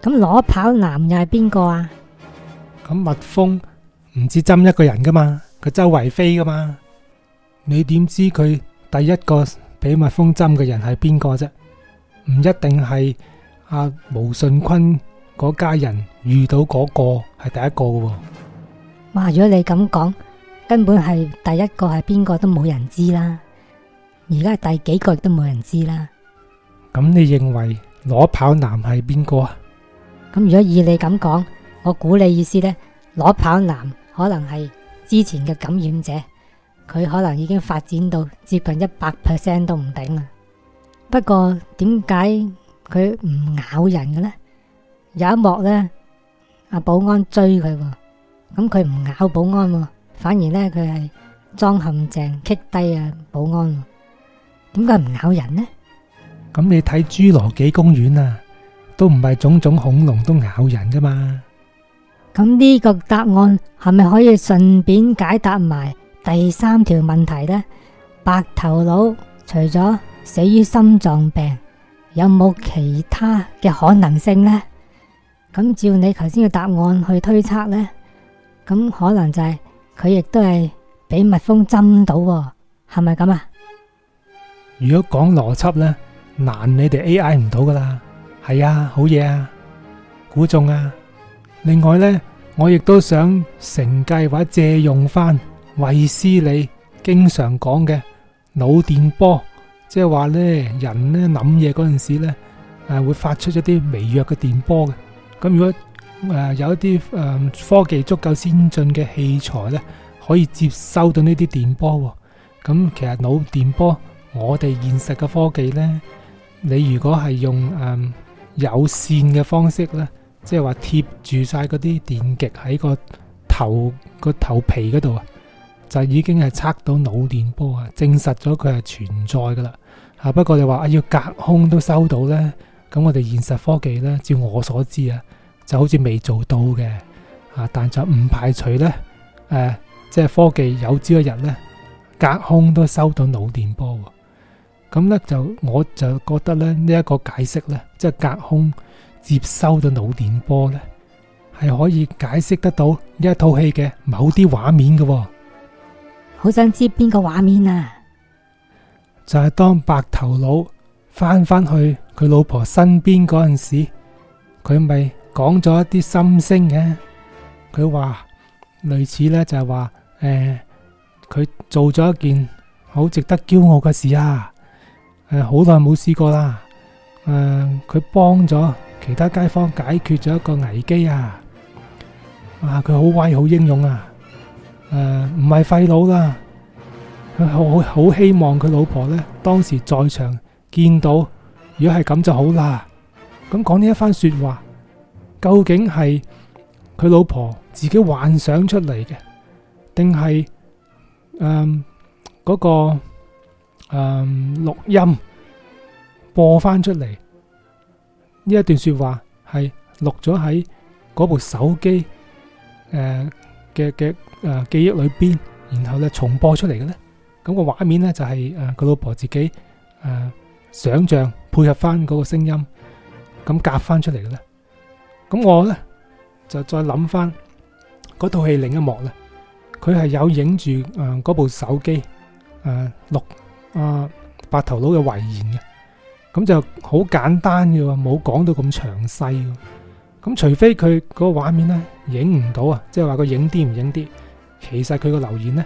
Speaker 2: 咁裸跑男又係邊個啊？
Speaker 1: 咁蜜蜂唔止針一個人噶嘛，佢周圍飛噶嘛。你點知佢第一個俾蜜蜂針嘅人係邊個啫？唔一定係。阿、啊、毛信坤嗰家人遇到嗰個係第一個。哦、
Speaker 2: 哇，如果你咁講，根本係第一個係邊個都冇人知啦，而家係第幾個都冇人知啦。
Speaker 1: 咁你認為裸跑男係邊個啊？
Speaker 2: 咁如果以你咁講，我估你意思咧，裸跑男可能係之前嘅感染者，佢可能已經發展到接近一百 percent 都唔頂啦。不過點解？佢唔咬人嘅咧，有一幕咧，阿保安追佢，咁佢唔咬保安，反而咧佢係裝陷阱，kick 低啊保安，點解唔咬人咧？
Speaker 1: 咁你睇侏羅紀公園啊，都唔係種種恐龍都咬人噶嘛？
Speaker 2: 咁呢個答案係咪可以順便解答埋第三條問題咧？白頭佬除咗死於心臟病？有冇其他嘅可能性呢？咁照你頭先嘅答案去推測呢，咁可能就係佢亦都係俾蜜蜂針到喎，係咪咁啊？
Speaker 1: 如果講邏輯呢，難你哋 AI 唔到噶啦，係啊，好嘢啊，估中啊！另外呢，我亦都想承繼或借用翻衛斯理經常講嘅腦電波。即係話咧，人咧諗嘢嗰陣時咧，誒會發出一啲微弱嘅電波嘅。咁如果誒、呃、有一啲誒、呃、科技足夠先進嘅器材咧，可以接收到呢啲電波，咁其實腦電波，我哋現實嘅科技咧，你如果係用誒、呃、有線嘅方式咧，即係話貼住晒嗰啲電極喺個頭個頭皮嗰度啊，就已經係測到腦電波啊，證實咗佢係存在噶啦。啊！不過你話啊，要隔空都收到呢？咁我哋現實科技呢，照我所知啊，就好似未做到嘅。啊，但就唔排除呢，誒、呃，即係科技有朝一日呢，隔空都收到腦電波，哦。咁呢就我就覺得呢，呢、這、一個解釋呢，即係隔空接收到腦電波呢，係可以解釋得到呢一套戲嘅某啲畫面嘅，哦。
Speaker 2: 好想知邊個畫面啊？
Speaker 1: 就係當白頭佬翻返去佢老婆身邊嗰陣時，佢咪講咗一啲心聲嘅。佢話類似呢，就係話，誒，佢做咗一件好值得驕傲嘅事啊！好耐冇試過啦。誒、呃，佢幫咗其他街坊解決咗一個危機啊！啊、呃，佢好威好英勇啊！誒、呃，唔係廢佬啦。佢好好希望佢老婆呢，當時在場見到，如果係咁就好啦。咁講呢一番說話，究竟係佢老婆自己幻想出嚟嘅，定係誒嗰個誒錄音播翻出嚟呢一段說話係錄咗喺嗰部手機誒嘅嘅誒記憶裏邊，然後咧重播出嚟嘅呢？咁個畫面咧就係誒佢老婆自己誒想象配合翻嗰個聲音，咁夾翻出嚟嘅啦。咁我咧就再諗翻嗰套戲另一幕咧，佢係有影住誒嗰部手機誒錄啊白頭佬嘅遺言嘅，咁就好簡單嘅喎，冇講到咁詳細。咁除非佢嗰個畫面咧影唔到啊，即係話佢影啲唔影啲，其實佢個留言咧。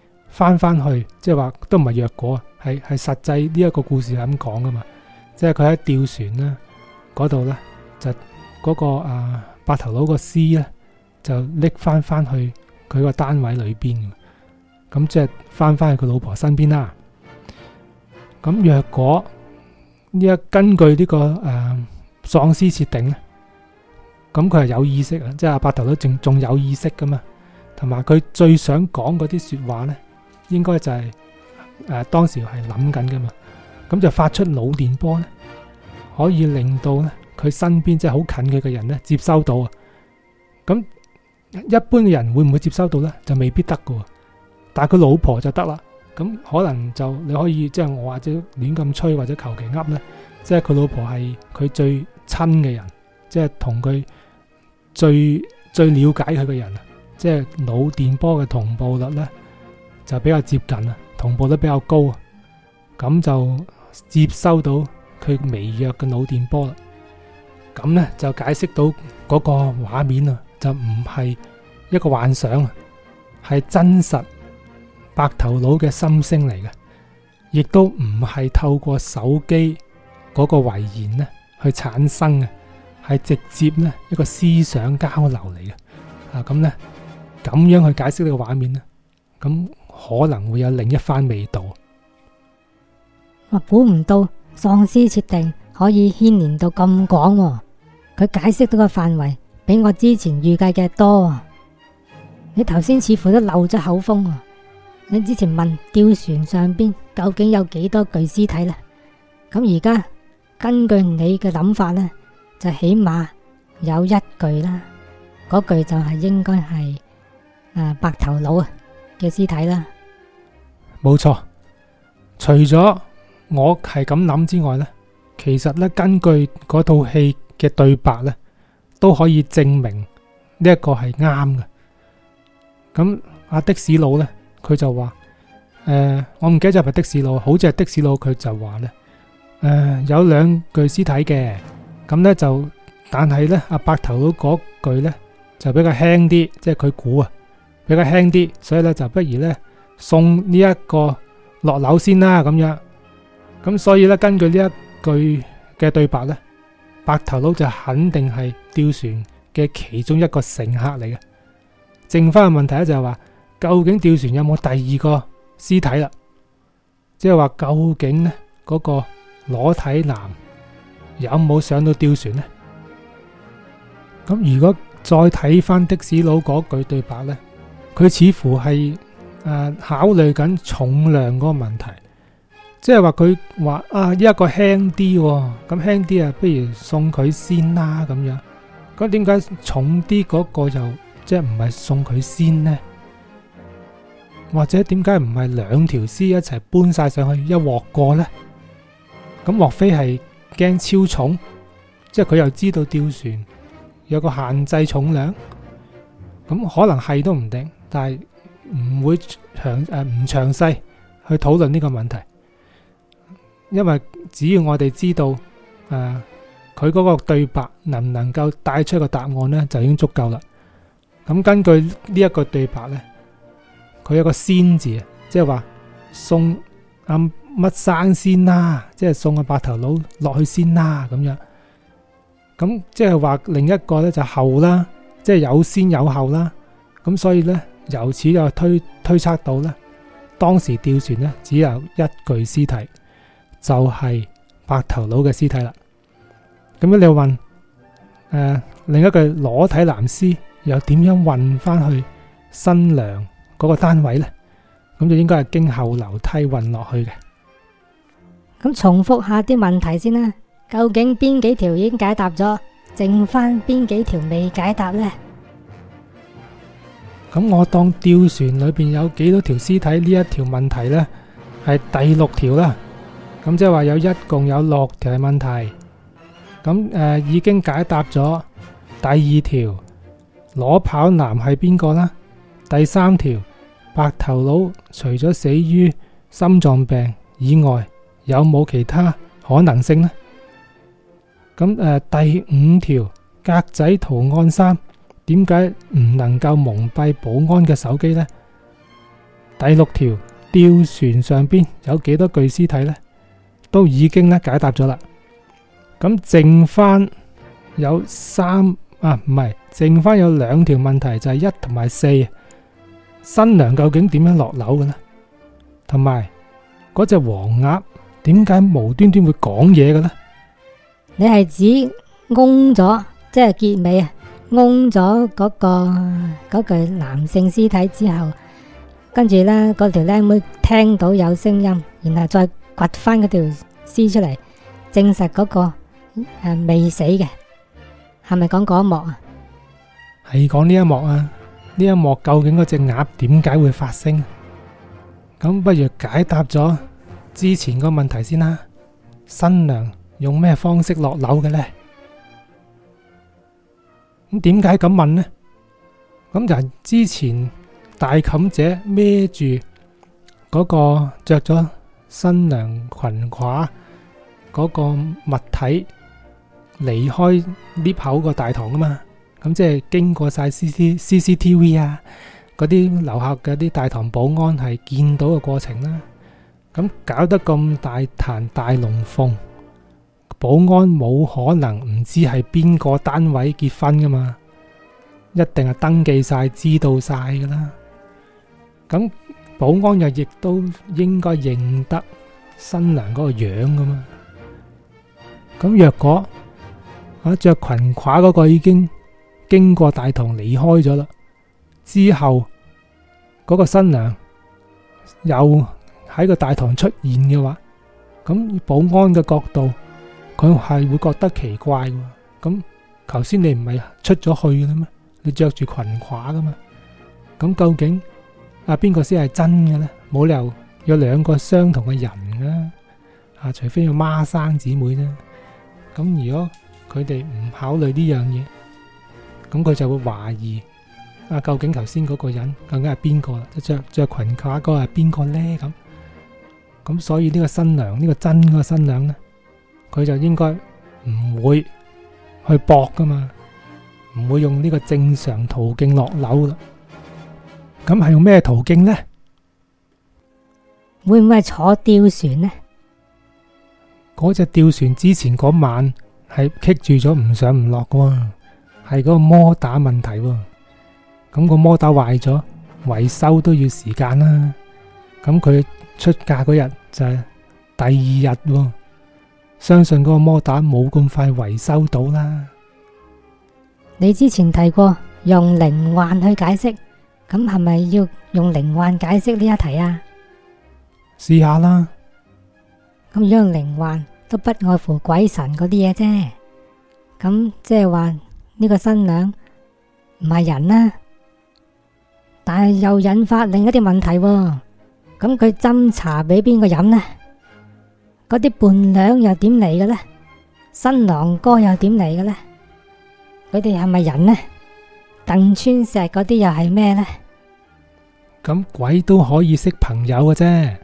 Speaker 1: 翻翻去，即係話都唔係若果，係係實際呢一個故事係咁講噶嘛。即係佢喺吊船呢嗰度咧，就嗰、那個啊白頭佬個屍咧，就拎翻翻去佢個單位裏邊。咁即係翻翻去佢老婆身邊啦。咁若果呢一根據呢、這個誒喪屍設定咧，咁佢係有意識啊，即係白頭佬仲仲有意識噶嘛。同埋佢最想講嗰啲說話咧。應該就係、是、誒、呃，當時係諗緊噶嘛，咁就發出腦電波咧，可以令到咧佢身邊即係好近佢嘅人咧接收到啊。咁、嗯、一般嘅人會唔會接收到咧？就未必得噶。但係佢老婆就得啦。咁、嗯、可能就你可以即係我或者亂咁吹或者求其噏咧，即係佢老婆係佢最親嘅人，即係同佢最最了解佢嘅人，即係腦電波嘅同步率咧。就比較接近啦，同步得比較高，咁就接收到佢微弱嘅腦電波啦。咁呢就解釋到嗰個畫面啊，就唔係一個幻想，係真實白頭佬嘅心聲嚟嘅，亦都唔係透過手機嗰個遺言呢去產生嘅，係直接呢一個思想交流嚟嘅。啊，咁呢咁樣去解釋呢個畫面呢，咁。可能會有另一番味道。
Speaker 2: 我估唔到喪屍設定可以牽連到咁廣，佢解釋到個範圍比我之前預計嘅多。你頭先似乎都漏咗口風。你之前問吊船上邊究竟有幾多具屍體呢？咁而家根據你嘅諗法呢，就起碼有一具啦。嗰具就係應該係誒白頭佬啊。嘅屍體啦，
Speaker 1: 冇錯。除咗我係咁諗之外呢，其實呢，根據嗰套戲嘅對白呢，都可以證明呢一個係啱嘅。咁阿的士佬呢，佢就話：誒，我唔記得就係唔係的士佬，好似係的士佬。佢就話呢：誒，有兩具屍體嘅，咁呢就，但係呢阿白頭佬嗰句呢就比較輕啲，即係佢估啊。比較輕啲，所以咧就不如咧送呢一個落樓先啦，咁樣。咁所以咧，根據呢一句嘅對白咧，白頭佬就肯定係吊船嘅其中一個乘客嚟嘅。剩翻嘅問題咧就係話，究竟吊船有冇第二個屍體啦？即係話究竟咧嗰個裸體男有冇上到吊船咧？咁如果再睇翻的士佬嗰句對白咧，佢似乎係誒考慮緊重量嗰個問題，即係話佢話啊一個輕啲，咁輕啲啊不如送佢先啦咁樣。咁點解重啲嗰個又即係唔係送佢先呢？或者點解唔係兩條屍一齊搬晒上去一鑊過呢？咁莫非係驚超重？即係佢又知道吊船有個限制重量，咁可能係都唔定。但係唔會詳誒唔詳細去討論呢個問題，因為只要我哋知道誒佢嗰個對白能唔能夠帶出一個答案咧，就已經足夠啦。咁根據呢一個對白咧，佢有個先字啊，即係話送阿乜生先啦，即係送阿白頭佬落去先啦咁樣。咁即係話另一個咧就後啦，即係有先有後啦。咁所以咧。由此又推推測到呢，當時吊船呢，只有一具屍體，就係白頭佬嘅屍體啦。咁樣，你又問，呃、另一具裸體男屍又點樣運翻去新娘嗰個單位呢？咁就應該係經後樓梯運落去嘅。
Speaker 2: 咁重複一下啲問題先啦，究竟邊幾條已經解答咗，剩翻邊幾條未解答呢？
Speaker 1: 咁我當吊船裏邊有幾多條屍體呢？一條問題呢係第六條啦。咁即係話有一共有六條問題。咁誒、呃，已經解答咗第二條，裸跑男係邊個啦？第三條，白頭佬除咗死於心臟病以外，有冇其他可能性呢？咁誒、呃，第五條格仔圖案三。點解唔能夠蒙蔽保安嘅手機呢？第六條吊船上邊有幾多具屍體呢？都已經咧解答咗啦。咁剩翻有三啊，唔係剩翻有兩條問題，就係一同埋四，新娘究竟點樣落樓嘅呢？同埋嗰隻黃鴨點解無端端會講嘢嘅呢？
Speaker 2: 你係指嗡咗，即係結尾啊？㧬咗嗰個嗰具男性屍體之後，跟住呢，嗰條靚妹聽到有聲音，然後再掘翻嗰條屍出嚟，證實嗰個誒未死嘅，係咪講嗰一幕啊？
Speaker 1: 係講呢一幕啊？呢一幕究竟嗰隻鴨點解會發聲？咁不如解答咗之前個問題先啦。新娘用咩方式落樓嘅呢？咁點解咁問呢？咁就係之前大冚姐孭住嗰個著咗新娘裙褂嗰個物體離開 lift 口個大堂啊嘛！咁即係經過曬 CCTV 啊嗰啲樓下嗰啲大堂保安係見到嘅過程啦。咁搞得咁大談大龍鳳。保安冇可能唔知係邊個單位結婚噶嘛，一定係登記晒，知道晒噶啦。咁保安又亦都應該認得新娘嗰個樣噶嘛。咁若果啊着裙褂嗰個已經經過大堂離開咗啦，之後嗰個新娘又喺個大堂出現嘅話，咁保安嘅角度。佢係會覺得奇怪嘅，咁頭先你唔係出咗去嘅咩？你着住裙褂㗎嘛？咁究竟啊邊個先係真嘅咧？冇理由有兩個相同嘅人啦，啊除非有孖生姊妹啫。咁如果佢哋唔考慮呢樣嘢，咁佢就會懷疑啊究竟頭先嗰個人更加係邊個？即着着裙褂嗰個係邊個咧？咁咁所以呢個新娘呢個真嗰個新娘咧？佢就應該唔會去搏噶嘛唔會用呢個正常途徑落樓啦。咁係用咩途徑呢？
Speaker 2: 會唔會係坐吊船呢？
Speaker 1: 嗰隻吊船之前嗰晚係棘住咗，唔上唔落噶，係嗰個摩打問題。咁個摩打壞咗，維修都要時間啦。咁佢出嫁嗰日就係第二日。相信嗰個魔蛋冇咁快維修到啦。
Speaker 2: 你之前提過用靈幻去解釋，咁係咪要用靈幻解釋呢一題啊？
Speaker 1: 試下啦。
Speaker 2: 咁樣靈幻都不外乎鬼神嗰啲嘢啫。咁即係話呢個新娘唔係人啦，啊，但係又引發另一啲問題，啊。咁佢斟茶俾邊個飲呢？嗰啲伴娘又點嚟嘅呢？新郎哥又點嚟嘅呢？佢哋係咪人呢？鄧川石嗰啲又係咩呢？
Speaker 1: 咁鬼都可以識朋友嘅啫，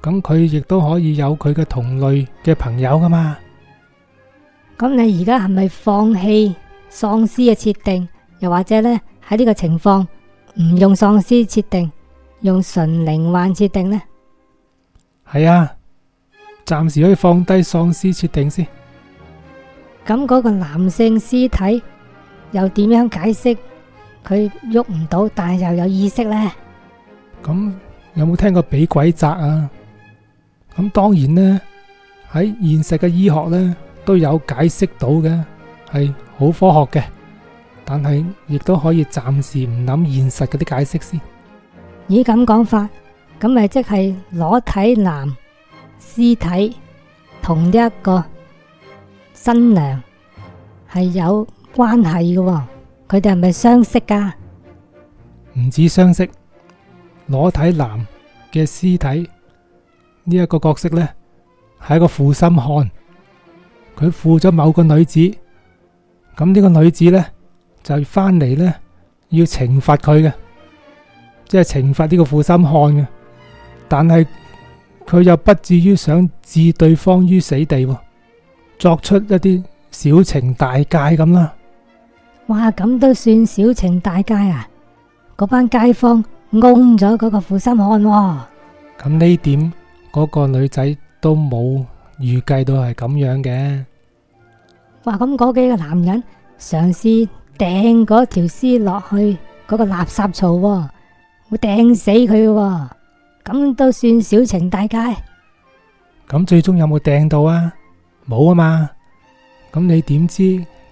Speaker 1: 咁佢亦都可以有佢嘅同類嘅朋友噶嘛？
Speaker 2: 咁你而家係咪放棄喪屍嘅設定，又或者呢喺呢個情況唔用喪屍設定，用純靈幻設定呢？
Speaker 1: 係啊。暫時可以放低喪屍設定先。
Speaker 2: 咁嗰個男性屍體又點樣解釋佢喐唔到，但係又有意識呢？
Speaker 1: 咁有冇聽過俾鬼責？啊？咁當然呢，喺現實嘅醫學咧都有解釋到嘅，係好科學嘅。但係亦都可以暫時唔諗現實嗰啲解釋先。
Speaker 2: 以咁講法，咁咪即係裸體男？屍體同一個新娘係有關係嘅，佢哋係咪相識噶？
Speaker 1: 唔止相識，裸體男嘅屍體呢一個角色呢，係一個負心漢，佢負咗某個女子，咁呢個女子呢，就翻嚟呢要懲罰佢嘅，即係懲罰呢個負心漢嘅，但係，佢又不至於想置對方於死地，作出一啲小懲大誡咁啦。
Speaker 2: 哇！咁都算小懲大誡啊？嗰班街坊翁咗嗰個負心漢喎。
Speaker 1: 咁呢點嗰個女仔都冇預計到係咁樣嘅。
Speaker 2: 哇！咁嗰幾個男人嘗試掟嗰條屍落去嗰個垃圾槽，會掟死佢嘅。咁都算小情大戒，
Speaker 1: 咁最終有冇訂到啊？冇啊嘛，咁你點知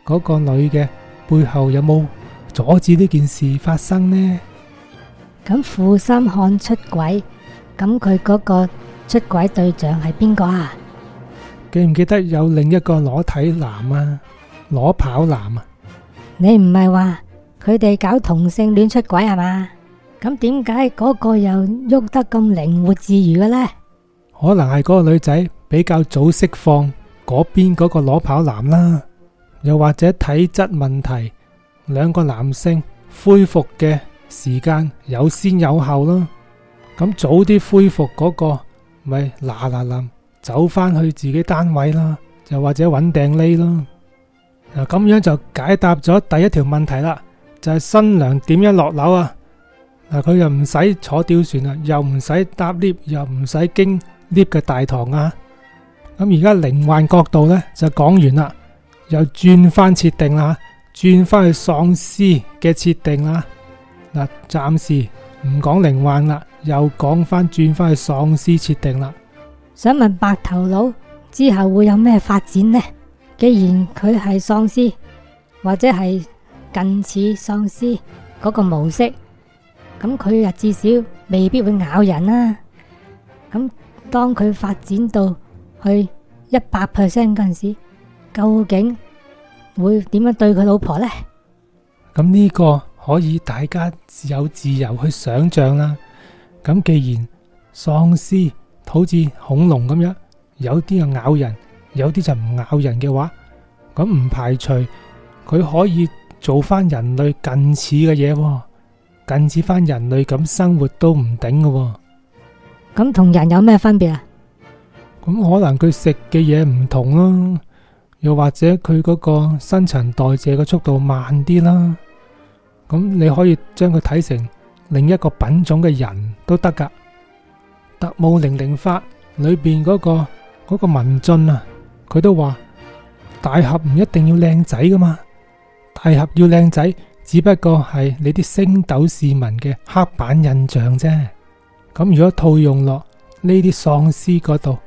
Speaker 1: 嗰個女嘅背後有冇阻止呢件事發生呢？
Speaker 2: 咁負心漢出軌，咁佢嗰個出軌對象係邊個啊？
Speaker 1: 記唔記得有另一個裸體男啊？裸跑男啊？
Speaker 2: 你唔係話佢哋搞同性戀出軌係嘛？咁點解嗰個又喐得咁靈活自如嘅呢？
Speaker 1: 可能係嗰個女仔比較早釋放嗰邊嗰個裸跑男啦，又或者體質問題，兩個男性恢復嘅時間有先有後咯。咁早啲恢復嗰個，咪嗱嗱臨走返去自己單位啦，又或者揾定呢咯。嗱，咁樣就解答咗第一條問題啦，就係新娘點樣落樓啊？嗱，佢又唔使坐吊船啦，又唔使搭 lift，又唔使經 lift 嘅大堂啊。咁而家靈幻角度呢就講完啦，又轉翻設定啦，轉翻去喪屍嘅設定啦。嗱，暫時唔講靈幻啦，又講翻轉翻去喪屍設定啦。
Speaker 2: 想問白頭佬之後會有咩發展呢？既然佢係喪屍，或者係近似喪屍嗰個模式。咁佢啊，至少未必會咬人啦、啊。咁當佢發展到去一百 percent 嗰陣時，究竟會點樣對佢老婆呢？
Speaker 1: 咁呢個可以大家自有自由去想象啦。咁既然喪屍好似恐龍咁樣，有啲啊咬人，有啲就唔咬人嘅話，咁唔排除佢可以做翻人類近似嘅嘢喎。近似翻人類咁生活都唔頂噶
Speaker 2: 咁同人有咩分別？啊？
Speaker 1: 咁可能佢食嘅嘢唔同啦，又或者佢嗰個新陳代謝嘅速度慢啲啦。咁你可以將佢睇成另一個品種嘅人都得噶。《特務零零發》裏邊嗰個嗰個文俊啊，佢都話大俠唔一定要靚仔噶嘛，大俠要靚仔。只不過係你啲星斗市民嘅黑板印象啫。咁如果套用落呢啲喪屍嗰度，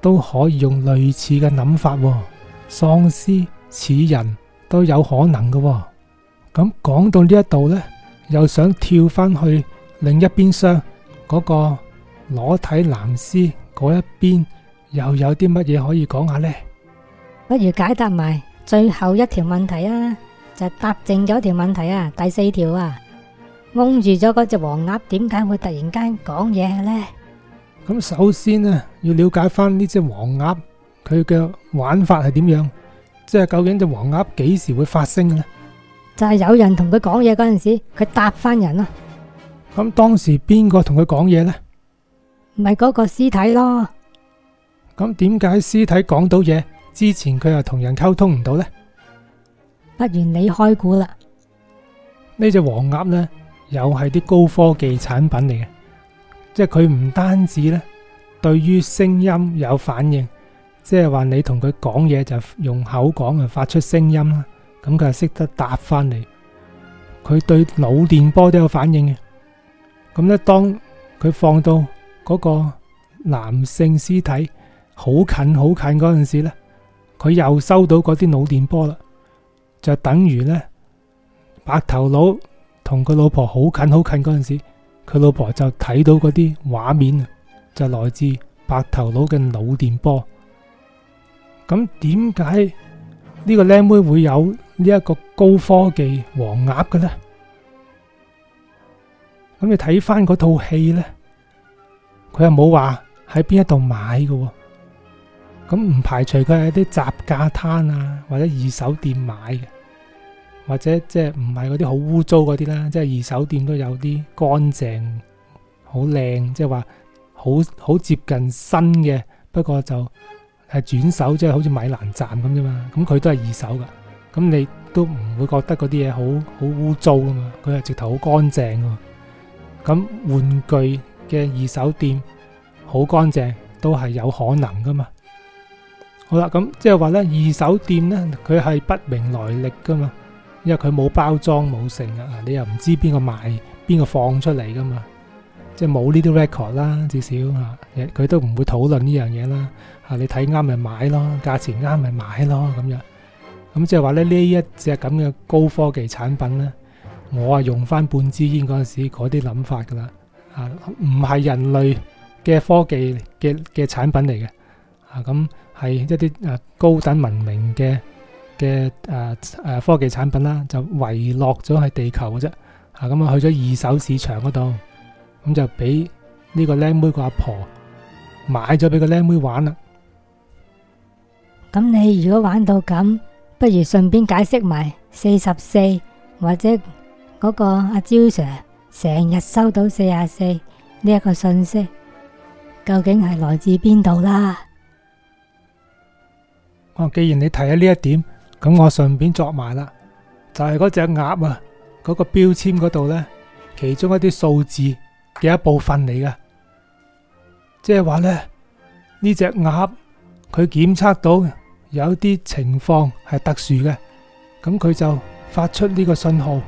Speaker 1: 都可以用類似嘅諗法。喪屍似人都有可能㗎。咁講到呢一度呢，又想跳返去另一邊廂嗰個裸體男屍嗰一邊，又有啲乜嘢可以講下呢？
Speaker 2: 不如解答埋最後一條問題啊！就答正咗條問題啊，第四條啊，懵住咗嗰隻黃鴨，點解會突然間講嘢呢？
Speaker 1: 咁首先呢，要了解翻呢隻黃鴨佢嘅玩法係點樣，即係究竟隻黃鴨幾時會發聲嘅呢？
Speaker 2: 就係有人同佢講嘢嗰陣時，佢答翻人啊。
Speaker 1: 咁當時邊個同佢講嘢呢？
Speaker 2: 咪嗰個屍體咯。
Speaker 1: 咁點解屍體講到嘢之前佢又同人溝通唔到呢？
Speaker 2: 不如你開估啦。
Speaker 1: 呢隻黃鴨咧，又係啲高科技產品嚟嘅，即係佢唔單止咧，對於聲音有反應，即係話你同佢講嘢就用口講啊，發出聲音啦，咁佢係識得答翻嚟。佢對腦電波都有反應嘅，咁咧當佢放到嗰個男性屍體好近好近嗰陣時咧，佢又收到嗰啲腦電波啦。就等於咧，白頭佬同佢老婆好近好近嗰陣時，佢老婆就睇到嗰啲畫面，就來自白頭佬嘅腦電波。咁點解呢個靚妹會有呢一個高科技黃鴨嘅咧？咁你睇翻嗰套戲咧，佢又冇話喺邊一度買嘅，哦。咁唔排除佢係啲雜架攤啊，或者二手店買嘅，或者即係唔係嗰啲好污糟嗰啲啦，即係二手店都有啲乾淨、好靚，即係話好好接近新嘅。不過就係轉手，即係好似米蘭站咁啫嘛。咁佢都係二手噶，咁你都唔會覺得嗰啲嘢好好污糟吖嘛？佢係直頭好乾淨噶。咁玩具嘅二手店好乾淨，都係有可能噶嘛？好啦，咁即係話咧，二手店咧，佢係不明來歷噶嘛，因為佢冇包裝冇成啊，你又唔知邊個賣邊個放出嚟噶嘛，即係冇呢啲 record 啦，至少啊，佢都唔會討論呢樣嘢啦。嚇，你睇啱咪買咯，價錢啱咪買咯，咁樣咁即係話咧呢一隻咁嘅高科技產品咧，我啊用翻半支煙嗰陣時嗰啲諗法噶啦，嚇唔係人類嘅科技嘅嘅產品嚟嘅啊咁。係一啲誒高等文明嘅嘅誒誒科技產品啦，就遺落咗喺地球嘅啫。吓咁啊去咗二手市場嗰度，咁就俾呢個靚妹個阿婆買咗俾個靚妹玩啦。
Speaker 2: 咁你如果玩到咁，不如順便解釋埋四十四或者嗰個阿蕉 Sir 成日收到四廿四呢一個信息，究竟係來自邊度啦？
Speaker 1: 我、哦、既然你提咗呢一點，咁我順便作埋啦，就係嗰隻鴨啊，嗰、嗰個標籤嗰度呢，其中一啲數字嘅一部分嚟嘅，即係話呢，呢隻鴨佢檢測到有啲情況係特殊嘅，咁佢就發出呢個信號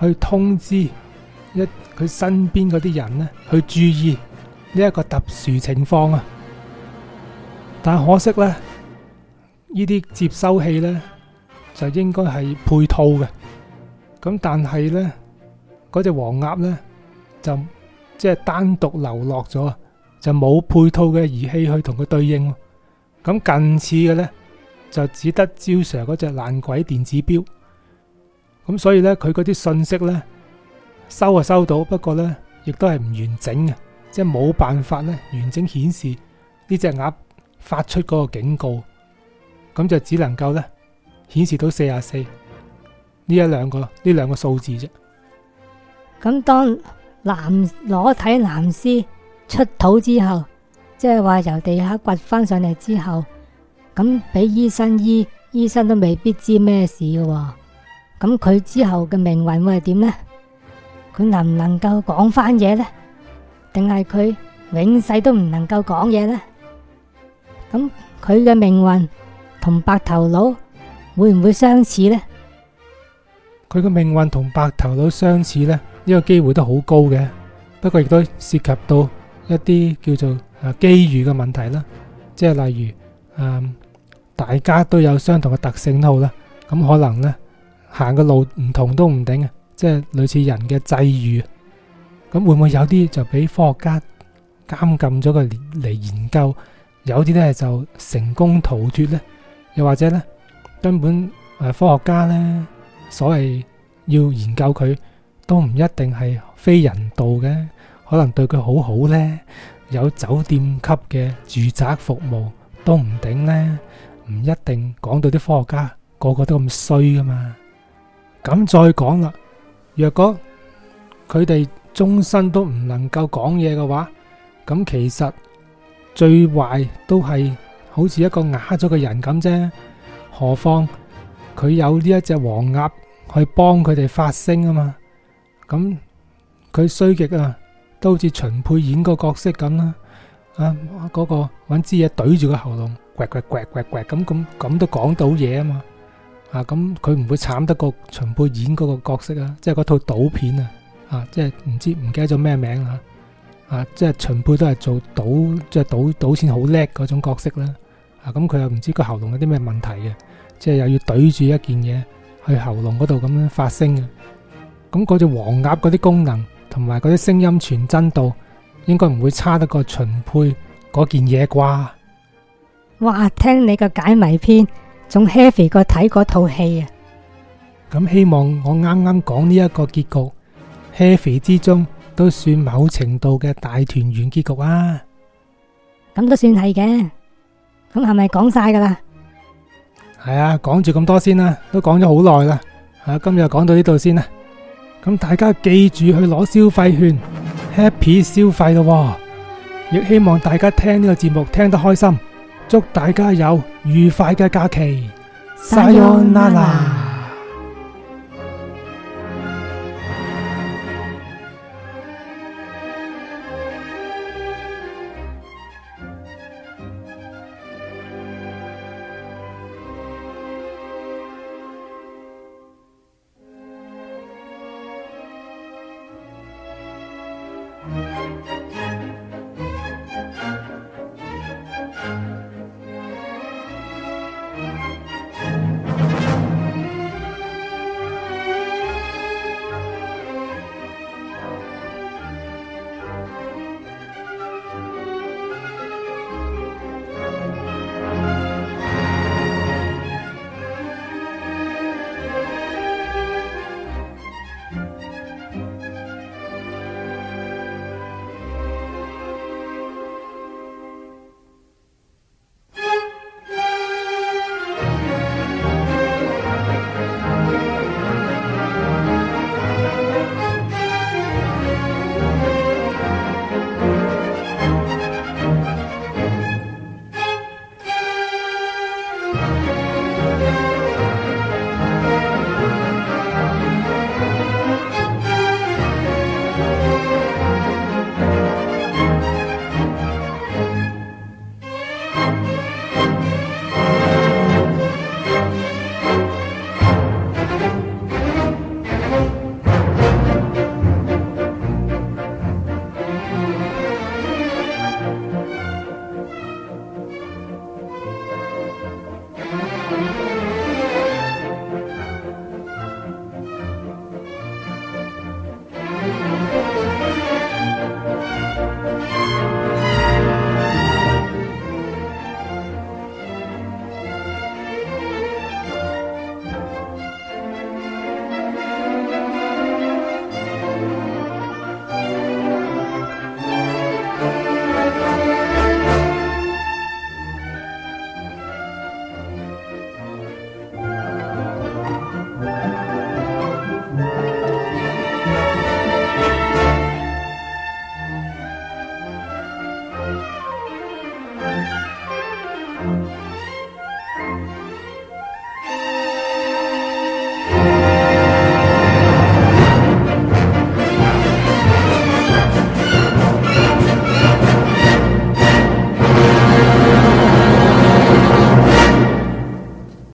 Speaker 1: 去通知一佢身邊嗰啲人呢去注意呢一個特殊情況啊，但可惜呢。呢啲接收器咧就應該係配套嘅，咁但係咧，嗰隻黃鴨咧就即係單獨留落咗啊，就冇配套嘅儀器去同佢對應。咁近似嘅咧就只得 Joser 嗰隻爛鬼電子錶，咁所以咧，佢嗰啲信息咧收啊，收到，不過咧亦都係唔完整嘅，即係冇辦法咧完整顯示呢隻鴨發出嗰個警告。咁就只能夠咧顯示到四十四呢一兩個呢兩個數字啫。
Speaker 2: 咁當男裸體男屍出土之後，即係話由地下掘翻上嚟之後，咁俾醫生醫，醫生都未必知咩事嘅。咁佢之後嘅命運會係點呢？佢能唔能夠講翻嘢呢？定係佢永世都唔能夠講嘢呢？咁佢嘅命運？同白頭佬會唔會相似呢？
Speaker 1: 佢個命運同白頭佬相似呢，呢個機會都好高嘅。不過亦都涉及到一啲叫做誒機遇嘅問題啦，即係例如誒大家都有相同嘅特性號啦，咁可能呢行嘅路唔同都唔定啊，即係類似人嘅際遇。咁會唔會有啲就俾科學家監禁咗佢嚟研究，有啲呢就成功逃脫呢？又或者咧，根本、呃、科學家咧，所謂要研究佢，都唔一定係非人道嘅，可能對佢好好咧，有酒店級嘅住宅服務都唔頂咧，唔一定講到啲科學家個個都咁衰㗎嘛。咁再講啦，若果佢哋終身都唔能夠講嘢嘅話，咁其實最壞都係，好似一個啞咗嘅人咁啫，何況佢有呢一隻黃鴨去幫佢哋發聲啊嘛，咁佢衰極啊，都好似秦沛演個角色咁啦，啊嗰個揾支嘢懟住個喉嚨，刮刮刮刮刮咁咁咁都講到嘢啊嘛，啊咁佢唔會慘得過秦沛演嗰個角色啊，即係嗰套賭片啊，啊即係唔知唔記得咗咩名呀，啊即係秦沛都係做賭即係賭賭錢好叻嗰種角色啦。啊，咁佢又唔知個喉嚨有啲咩問題嘅，即係又要對住一件嘢去喉嚨嗰度咁樣發聲嘅，咁嗰隻黃鴨嗰啲功能同埋嗰啲聲音傳真度，應該唔會差得過秦配嗰件嘢啩？
Speaker 2: 哇，聽你個解謎篇仲 heavy 過睇嗰套戲啊！
Speaker 1: 咁希望我啱啱講呢一個結局 heavy 之中，都算某程度嘅大團圓結局啊！
Speaker 2: 咁都算係嘅。咁係咪講晒噶啦？
Speaker 1: 係啊，講住咁多先啦，都講咗好耐啦，吓今日講到呢度先啦。咁大家記住去攞消費券，happy 消費咯。亦希望大家聽呢個節目聽得開心，祝大家有愉快嘅假期。See you later.